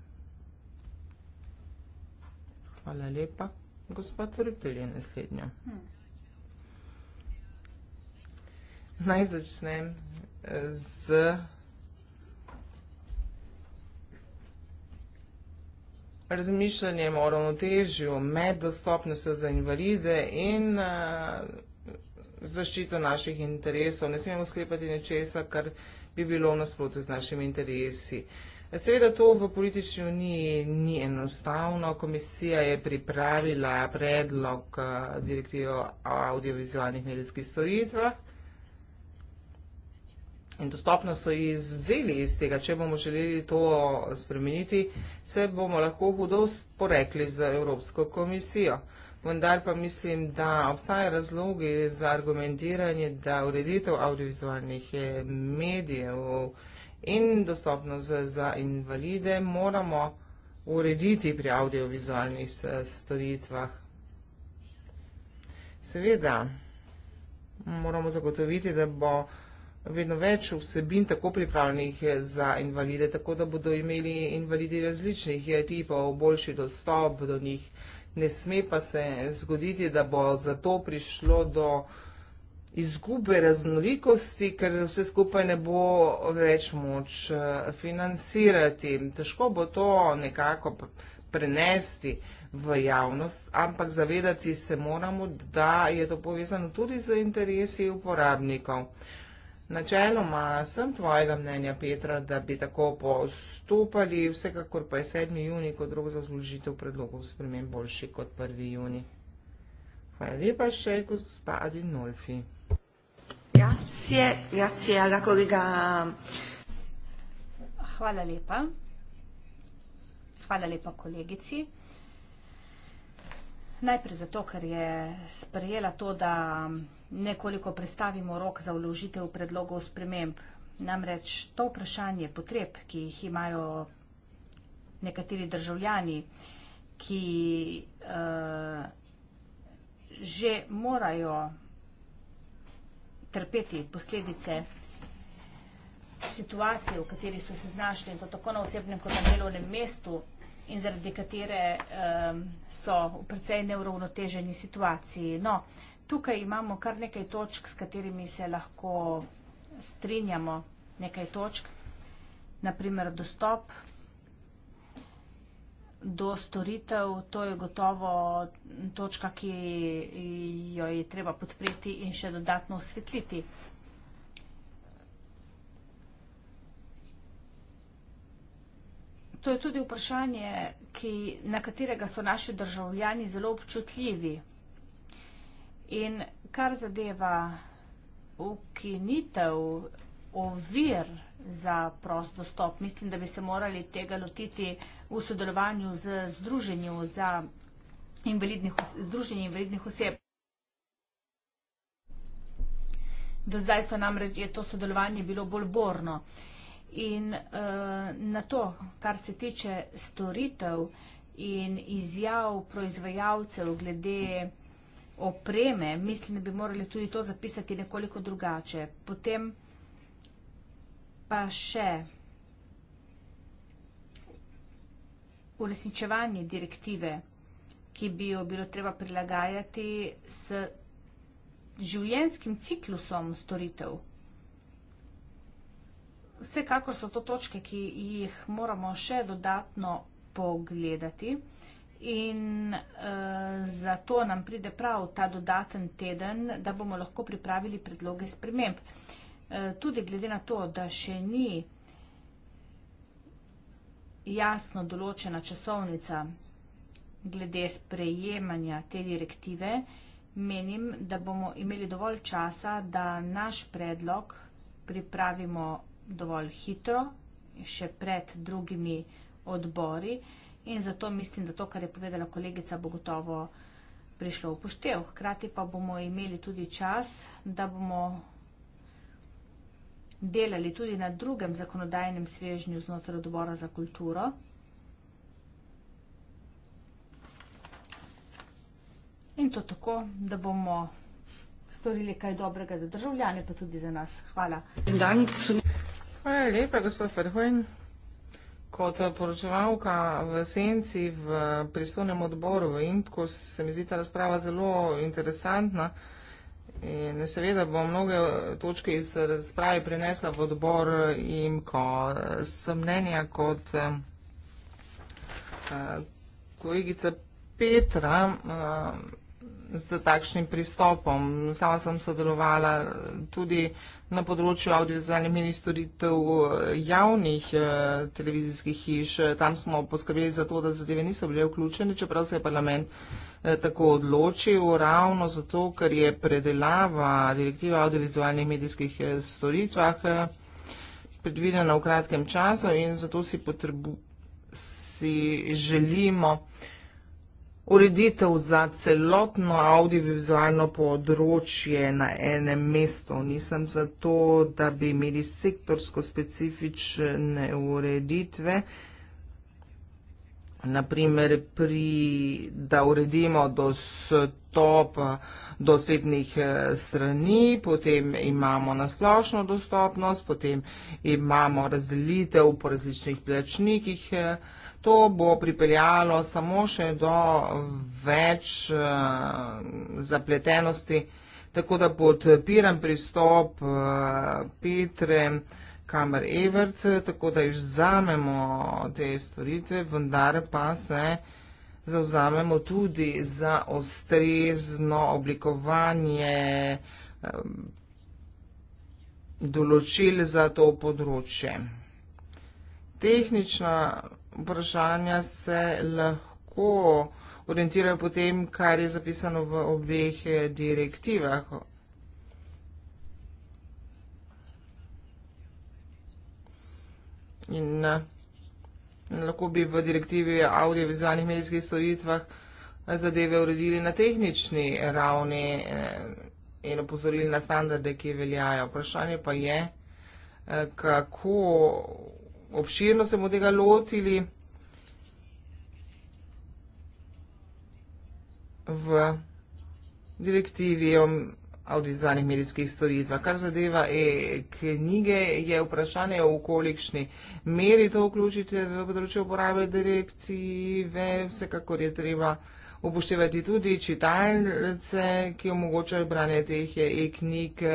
Hvala lepa. Gospod Vripel je naslednja. Naj začnem eh, z razmišljanjem o ravnotežju med dostopnostjo za invalide in eh, zaščito naših interesov. Ne smemo sklepati nečesa, kar bi bilo v nasprotju z našimi interesi. Seveda to v politični uniji ni enostavno. Komisija je pripravila predlog eh, direktive o audiovizualnih medijskih storitvah in dostopno so jih izzeli iz tega. Če bomo želeli to spremeniti, se bomo lahko hudo sporekli z Evropsko komisijo vendar pa mislim, da obstaja razlogi za argumentiranje, da ureditev audiovizualnih eh, medijev in dostopnost za invalide moramo urediti pri audiovizualnih eh, storitvah. Seveda, moramo zagotoviti, da bo vedno več vsebin tako pripravljenih eh, za invalide, tako da bodo imeli invalidi različnih tipov boljši dostop do njih, ne sme pa se zgoditi, da bo zato prišlo do izgube raznolikosti, ker vse skupaj ne bo več moč eh, financirati. Težko bo to nekako prenesti v javnost, ampak zavedati se moramo, da je to povezano tudi z interesi uporabnikov. Načeloma sem tvojega mnenja, Petra, da bi tako postopali, vsekakor pa je 7. juni kot rok za vložitev predlogov spremen boljši kot 1. juni. Hvala lepa še, gospodi Nolfi. Grazie, grazie alla collega. Hvala lepa. Hvala lepa kolegici. Najprej zato, ker je sprejela to, da nekoliko prestavimo rok za vložitev predlogov sprememb. Namreč to vprašanje potreb, ki jih imajo nekateri državljani, ki uh, že morajo trpeti posledice situacije, v kateri so se znašli in to tako na osebnem kot na delovnem mestu in zaradi katere um, so v precej neuravnoteženi situaciji. No, uh, tukaj imamo kar nekaj točk, s katerimi se lahko strinjamo, nekaj točk, naprimer dostop do storitev, to je gotovo točka, ki jo je treba podpreti in še dodatno osvetliti. To je tudi vprašanje, ki, na katerega so naši državljani zelo občutljivi. In kar zadeva ukinitev ovir za prost dostop, mislim, da bi se morali tega lotiti v sodelovanju z Združenjem za invalidnih, združenje invalidnih oseb. Do zdaj so namreč je to sodelovanje bilo bolj borno. In uh, na to, kar se tiče storitev in izjav proizvajalcev glede opreme, mislim, da bi morali tudi to zapisati nekoliko drugače. Potem pa še uresničevanje direktive, ki bi jo bilo treba prilagajati s življenskim ciklusom storitev. Vsekakor so to točke, ki jih moramo še dodatno pogledati in uh, zato nam pride prav ta dodaten teden, da bomo lahko pripravili predloge sprememb. Uh, tudi glede na to, da še ni jasno določena časovnica glede sprejemanja te direktive, menim, da bomo imeli dovolj časa, da naš predlog pripravimo dovolj hitro, še pred drugimi odbori. Uh, In zato mislim, da to, kar je povedala kolegica, bo gotovo prišlo v poštev. Hkrati pa bomo imeli tudi čas, da bomo delali tudi na drugem zakonodajnem svežnju znotraj odbora za kulturo. In to tako, da bomo storili kaj dobrega za državljane, pa tudi za nas. Hvala. Hvala lepa, gospod Farhojn. Kot poročevalka v Senci v pristojnem odboru v IMPKU se mi zdi ta razprava zelo interesantna in seveda bom mnoge točke iz razprave prenesla v odbor IMKO. Sem mnenja kot kolegica Petra, z takšnim pristopom. Sama sem sodelovala tudi na področju audiovizualnih ministritev eh, javnih eh, televizijskih hiš. Tam smo poskrbeli za to, da zadeve niso bile vključene, čeprav se je parlament eh, tako odločil, ravno zato, ker je predelava direktiva audiovizualnih medijskih storitvah predvidena v kratkem času in zato si, potrebu, si želimo, ureditev za celotno audiovizualno področje na enem mestu. Nisem za to, da bi imeli sektorsko specifične ureditve, naprimer pri, da uredimo dostop do spletnih eh, strani, potem imamo nasplošno dostopnost, potem imamo razdelitev po različnih plačnikih, eh, To bo pripeljalo samo še do več eh, zapletenosti, tako da podpiram pristop eh, Petre Kammer-Evert, tako da izzamemo te storitve, vendar pa se zauzamemo tudi za ostrezno oblikovanje eh, določil za to področje. Tehnična vprašanja se lahko orientirajo po tem, kar je zapisano v obeh eh, direktivah. In eh, lahko bi v direktivi o audiovizualnih medijskih storitvah zadeve uredili na tehnični ravni eh, in opozorili na standarde, ki veljajo. Vprašanje pa je, kako obširno se bomo tega lotili v direktivi o avdizualnih medijskih storitvah. Kar zadeva e-knjige, je vprašanje o kolikšni meri to vključite v področje uporabe direktive. Vsekakor je treba upoštevati tudi čitalce, ki omogočajo branje teh e-knjig.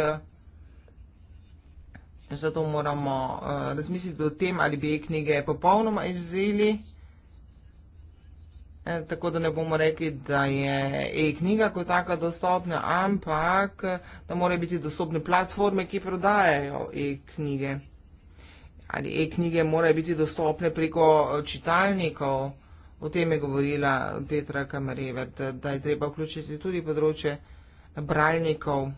Zato moramo uh, razmisliti o tem, ali bi knjige popolnoma izzeli. Eh, tako da ne bomo rekli, da je e-knjiga kot taka dostopna, ampak da morajo biti dostopne platforme, ki prodajajo e-knjige. Ali e-knjige morajo biti dostopne preko eh, čitalnikov. O tem je govorila Petra Kamarever, da, da je treba vključiti tudi področje bralnikov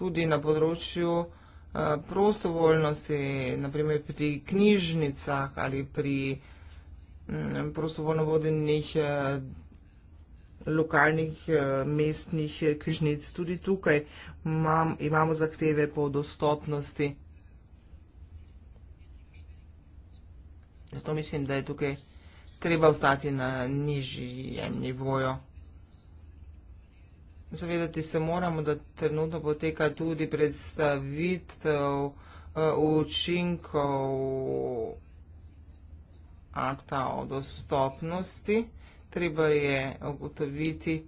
tudi na področju eh, prostovoljnosti, naprimer pri knjižnicah ali pri mm, prostovoljno vodenih eh, lokalnih eh, mestnih knjižnic. Tudi tukaj imamo zahteve po dostopnosti. Zato mislim, da je tukaj treba ostati na nižji nivoju. Zavedati se moramo, da trenutno poteka tudi predstavitev eh, učinkov akta o dostopnosti. Treba je ugotoviti,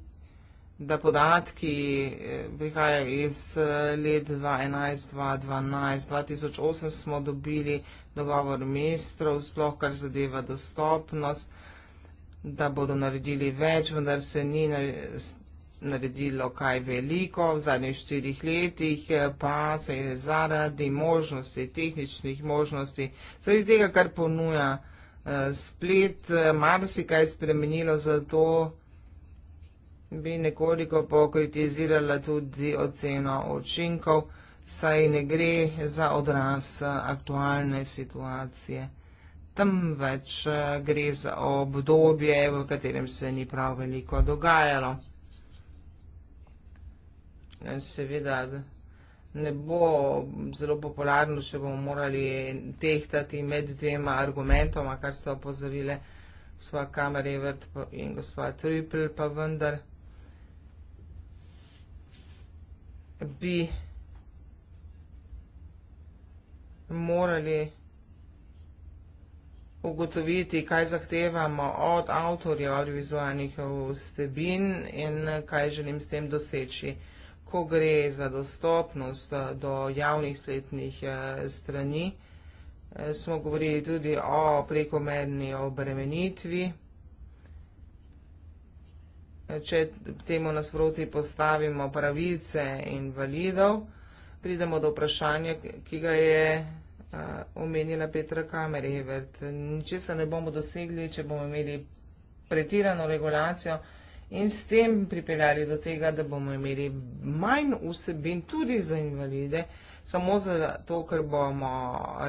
da podatki eh, prihajajo iz eh, let 2011, 2012, 2008 smo dobili dogovor mestrov, sploh kar zadeva dostopnost, da bodo naredili več, vendar se ni naredili naredilo kaj veliko, v zadnjih štirih letih eh, pa se je zaradi možnosti, tehničnih možnosti, zaradi tega, kar ponuja eh, splet, eh, marsikaj spremenilo, zato bi nekoliko pokritizirala tudi oceno očinkov, saj ne gre za odraz aktualne situacije. Tam več gre za obdobje, v katerem se ni prav veliko dogajalo ne, seveda ne bo zelo popularno, če bomo morali tehtati med dvema argumentoma, kar sta opozorile sva kamer Evert in gospod Triple, pa vendar bi morali ugotoviti, kaj zahtevamo od avtorja audiovizualnih vstebin in kaj želim s tem doseči ko gre za dostopnost eh, do javnih spletnih eh, strani. Eh, smo govorili tudi o prekomerni obremenitvi. Če temu nasproti postavimo pravice invalidov, pridemo do vprašanja, ki ga je omenila Petra Kamerevert. Ničesar ne bomo dosegli, če bomo imeli pretirano regulacijo in s tem pripeljali do tega, da bomo imeli manj vsebin tudi za invalide, samo zato, ker bomo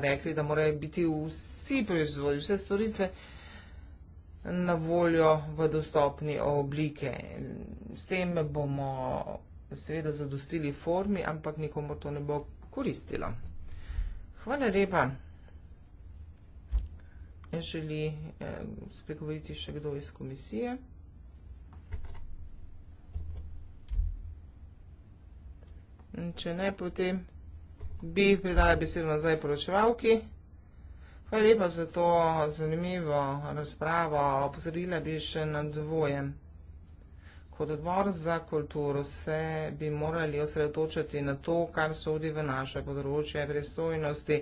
rekli, da morajo biti vsi proizvodi, vse storitve na voljo v dostopni oblike. S tem bomo seveda zadostili formi, ampak nikomu to ne bo koristilo. Hvala lepa. Želi eh, spregovoriti še kdo iz komisije. In če ne, potem bi predala besedo nazaj poročevalki. Hvala lepa za to zanimivo razpravo. Opozorila bi še na dvoje. Kot odbor za kulturo se bi morali osredotočiti na to, kar sodi v naše področje pristojnosti.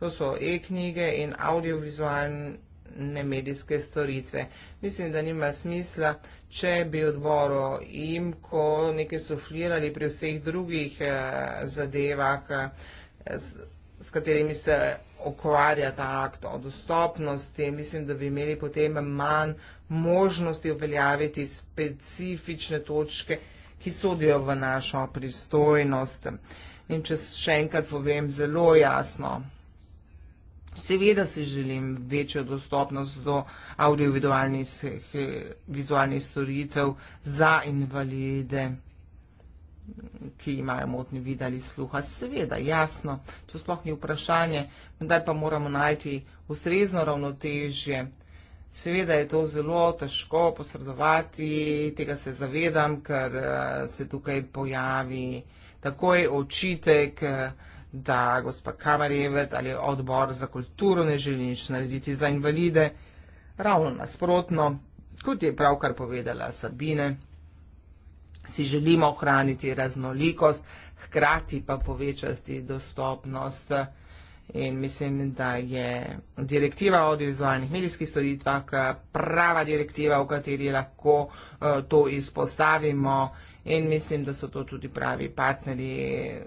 To so e-knjige in audiovizualni nemedijske storitve. Mislim, da nima smisla, če bi odboru jim, ko nekaj suflirali pri vseh drugih eh, zadevah, eh, s, s katerimi se okvarja ta akt o dostopnosti, mislim, da bi imeli potem manj možnosti uveljaviti specifične točke, ki sodijo v našo pristojnost. In če še enkrat povem zelo jasno, Seveda si želim večjo dostopnost do audiovizualnih storitev za invalide, ki imajo motni vid ali sluha. Seveda, jasno, to sploh ni vprašanje, vendar pa moramo najti ustrezno ravnotežje. Seveda je to zelo težko posredovati, tega se zavedam, ker eh, se tukaj pojavi takoj očitek. Eh, da gospa Kamarjevet ali odbor za kulturo ne želi nič narediti za invalide. Ravno nasprotno, kot je pravkar povedala Sabine, si želimo ohraniti raznolikost, hkrati pa povečati dostopnost. In mislim, da je direktiva o audiovizualnih medijskih storitvah prava direktiva, v kateri lahko eh, to izpostavimo. In mislim, da so to tudi pravi partnerji eh,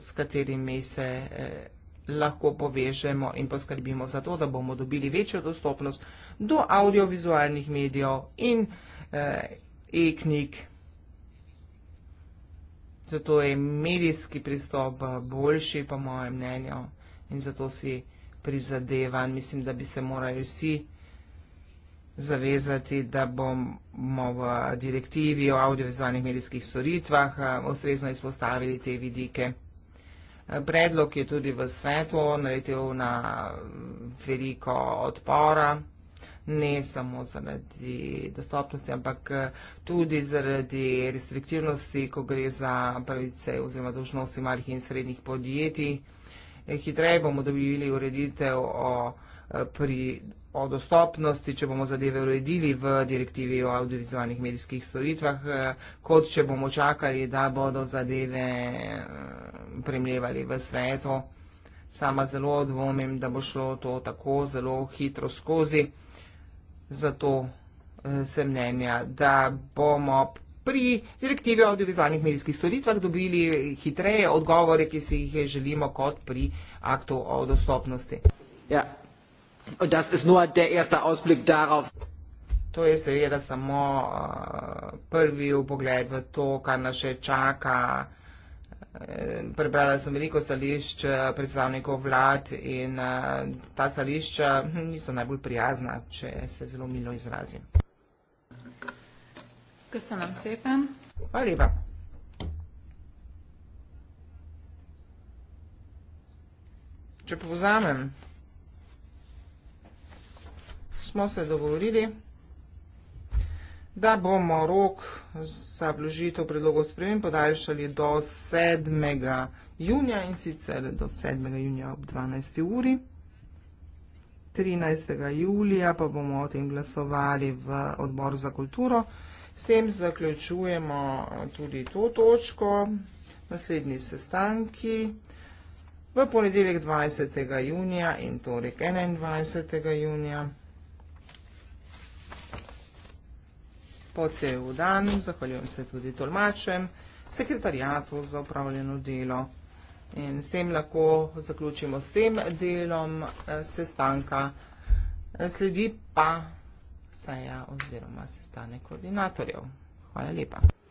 s katerimi se eh, lahko povežemo in poskrbimo za to, da bomo dobili večjo dostopnost do audiovizualnih medijev in eh, e-knjig. Zato je medijski pristop eh, boljši, po mojem mnenju, in zato si prizadevan. Mislim, da bi se morali vsi zavezati, da bomo v direktivi o audiovizualnih medijskih storitvah ustrezno izpostavili te vidike. Predlog je tudi v svetu naletel na veliko odpora, ne samo zaradi dostopnosti, ampak tudi zaradi restriktivnosti, ko gre za pravice oziroma dožnosti malih in srednjih podjetij. Hitreje bomo dobili ureditev o pri o dostopnosti, če bomo zadeve uredili v direktivi o audiovizualnih medijskih storitvah, eh, kot če bomo čakali, da bodo zadeve eh, premljevali v svetu. Sama zelo dvomim, da bo šlo to tako zelo hitro skozi. Zato eh, sem mnenja, da bomo pri direktivi o audiovizualnih medijskih storitvah dobili hitreje odgovore, ki si jih želimo, kot pri aktu o dostopnosti. Ja, Und das ist nur der erste Ausblick darauf. To je seveda samo uh, prvi pogled v to, kar nas še čaka. Eh, prebrala sem veliko stališč eh, predstavnikov vlad in uh, ta stališča hm, niso najbolj prijazna, če se zelo milo izrazim. Kristjana Sepen. Hvala lepa. Če povzamem smo se dogovorili, da bomo rok za vložitev predlogov spremem podaljšali do 7. junija in sicer do 7. junija ob 12. uri. 13. julija pa bomo o tem glasovali v odbor za kulturo. S tem zaključujemo tudi to točko, naslednji sestanki v ponedeljek 20. junija in torej 21. junija. po cel dan, zahvaljujem se tudi tolmačem, sekretarijatu za upravljeno delo. In s tem lahko zaključimo s tem delom eh, sestanka. Eh, sledi pa seja oziroma sestane koordinatorjev. Hvala lepa.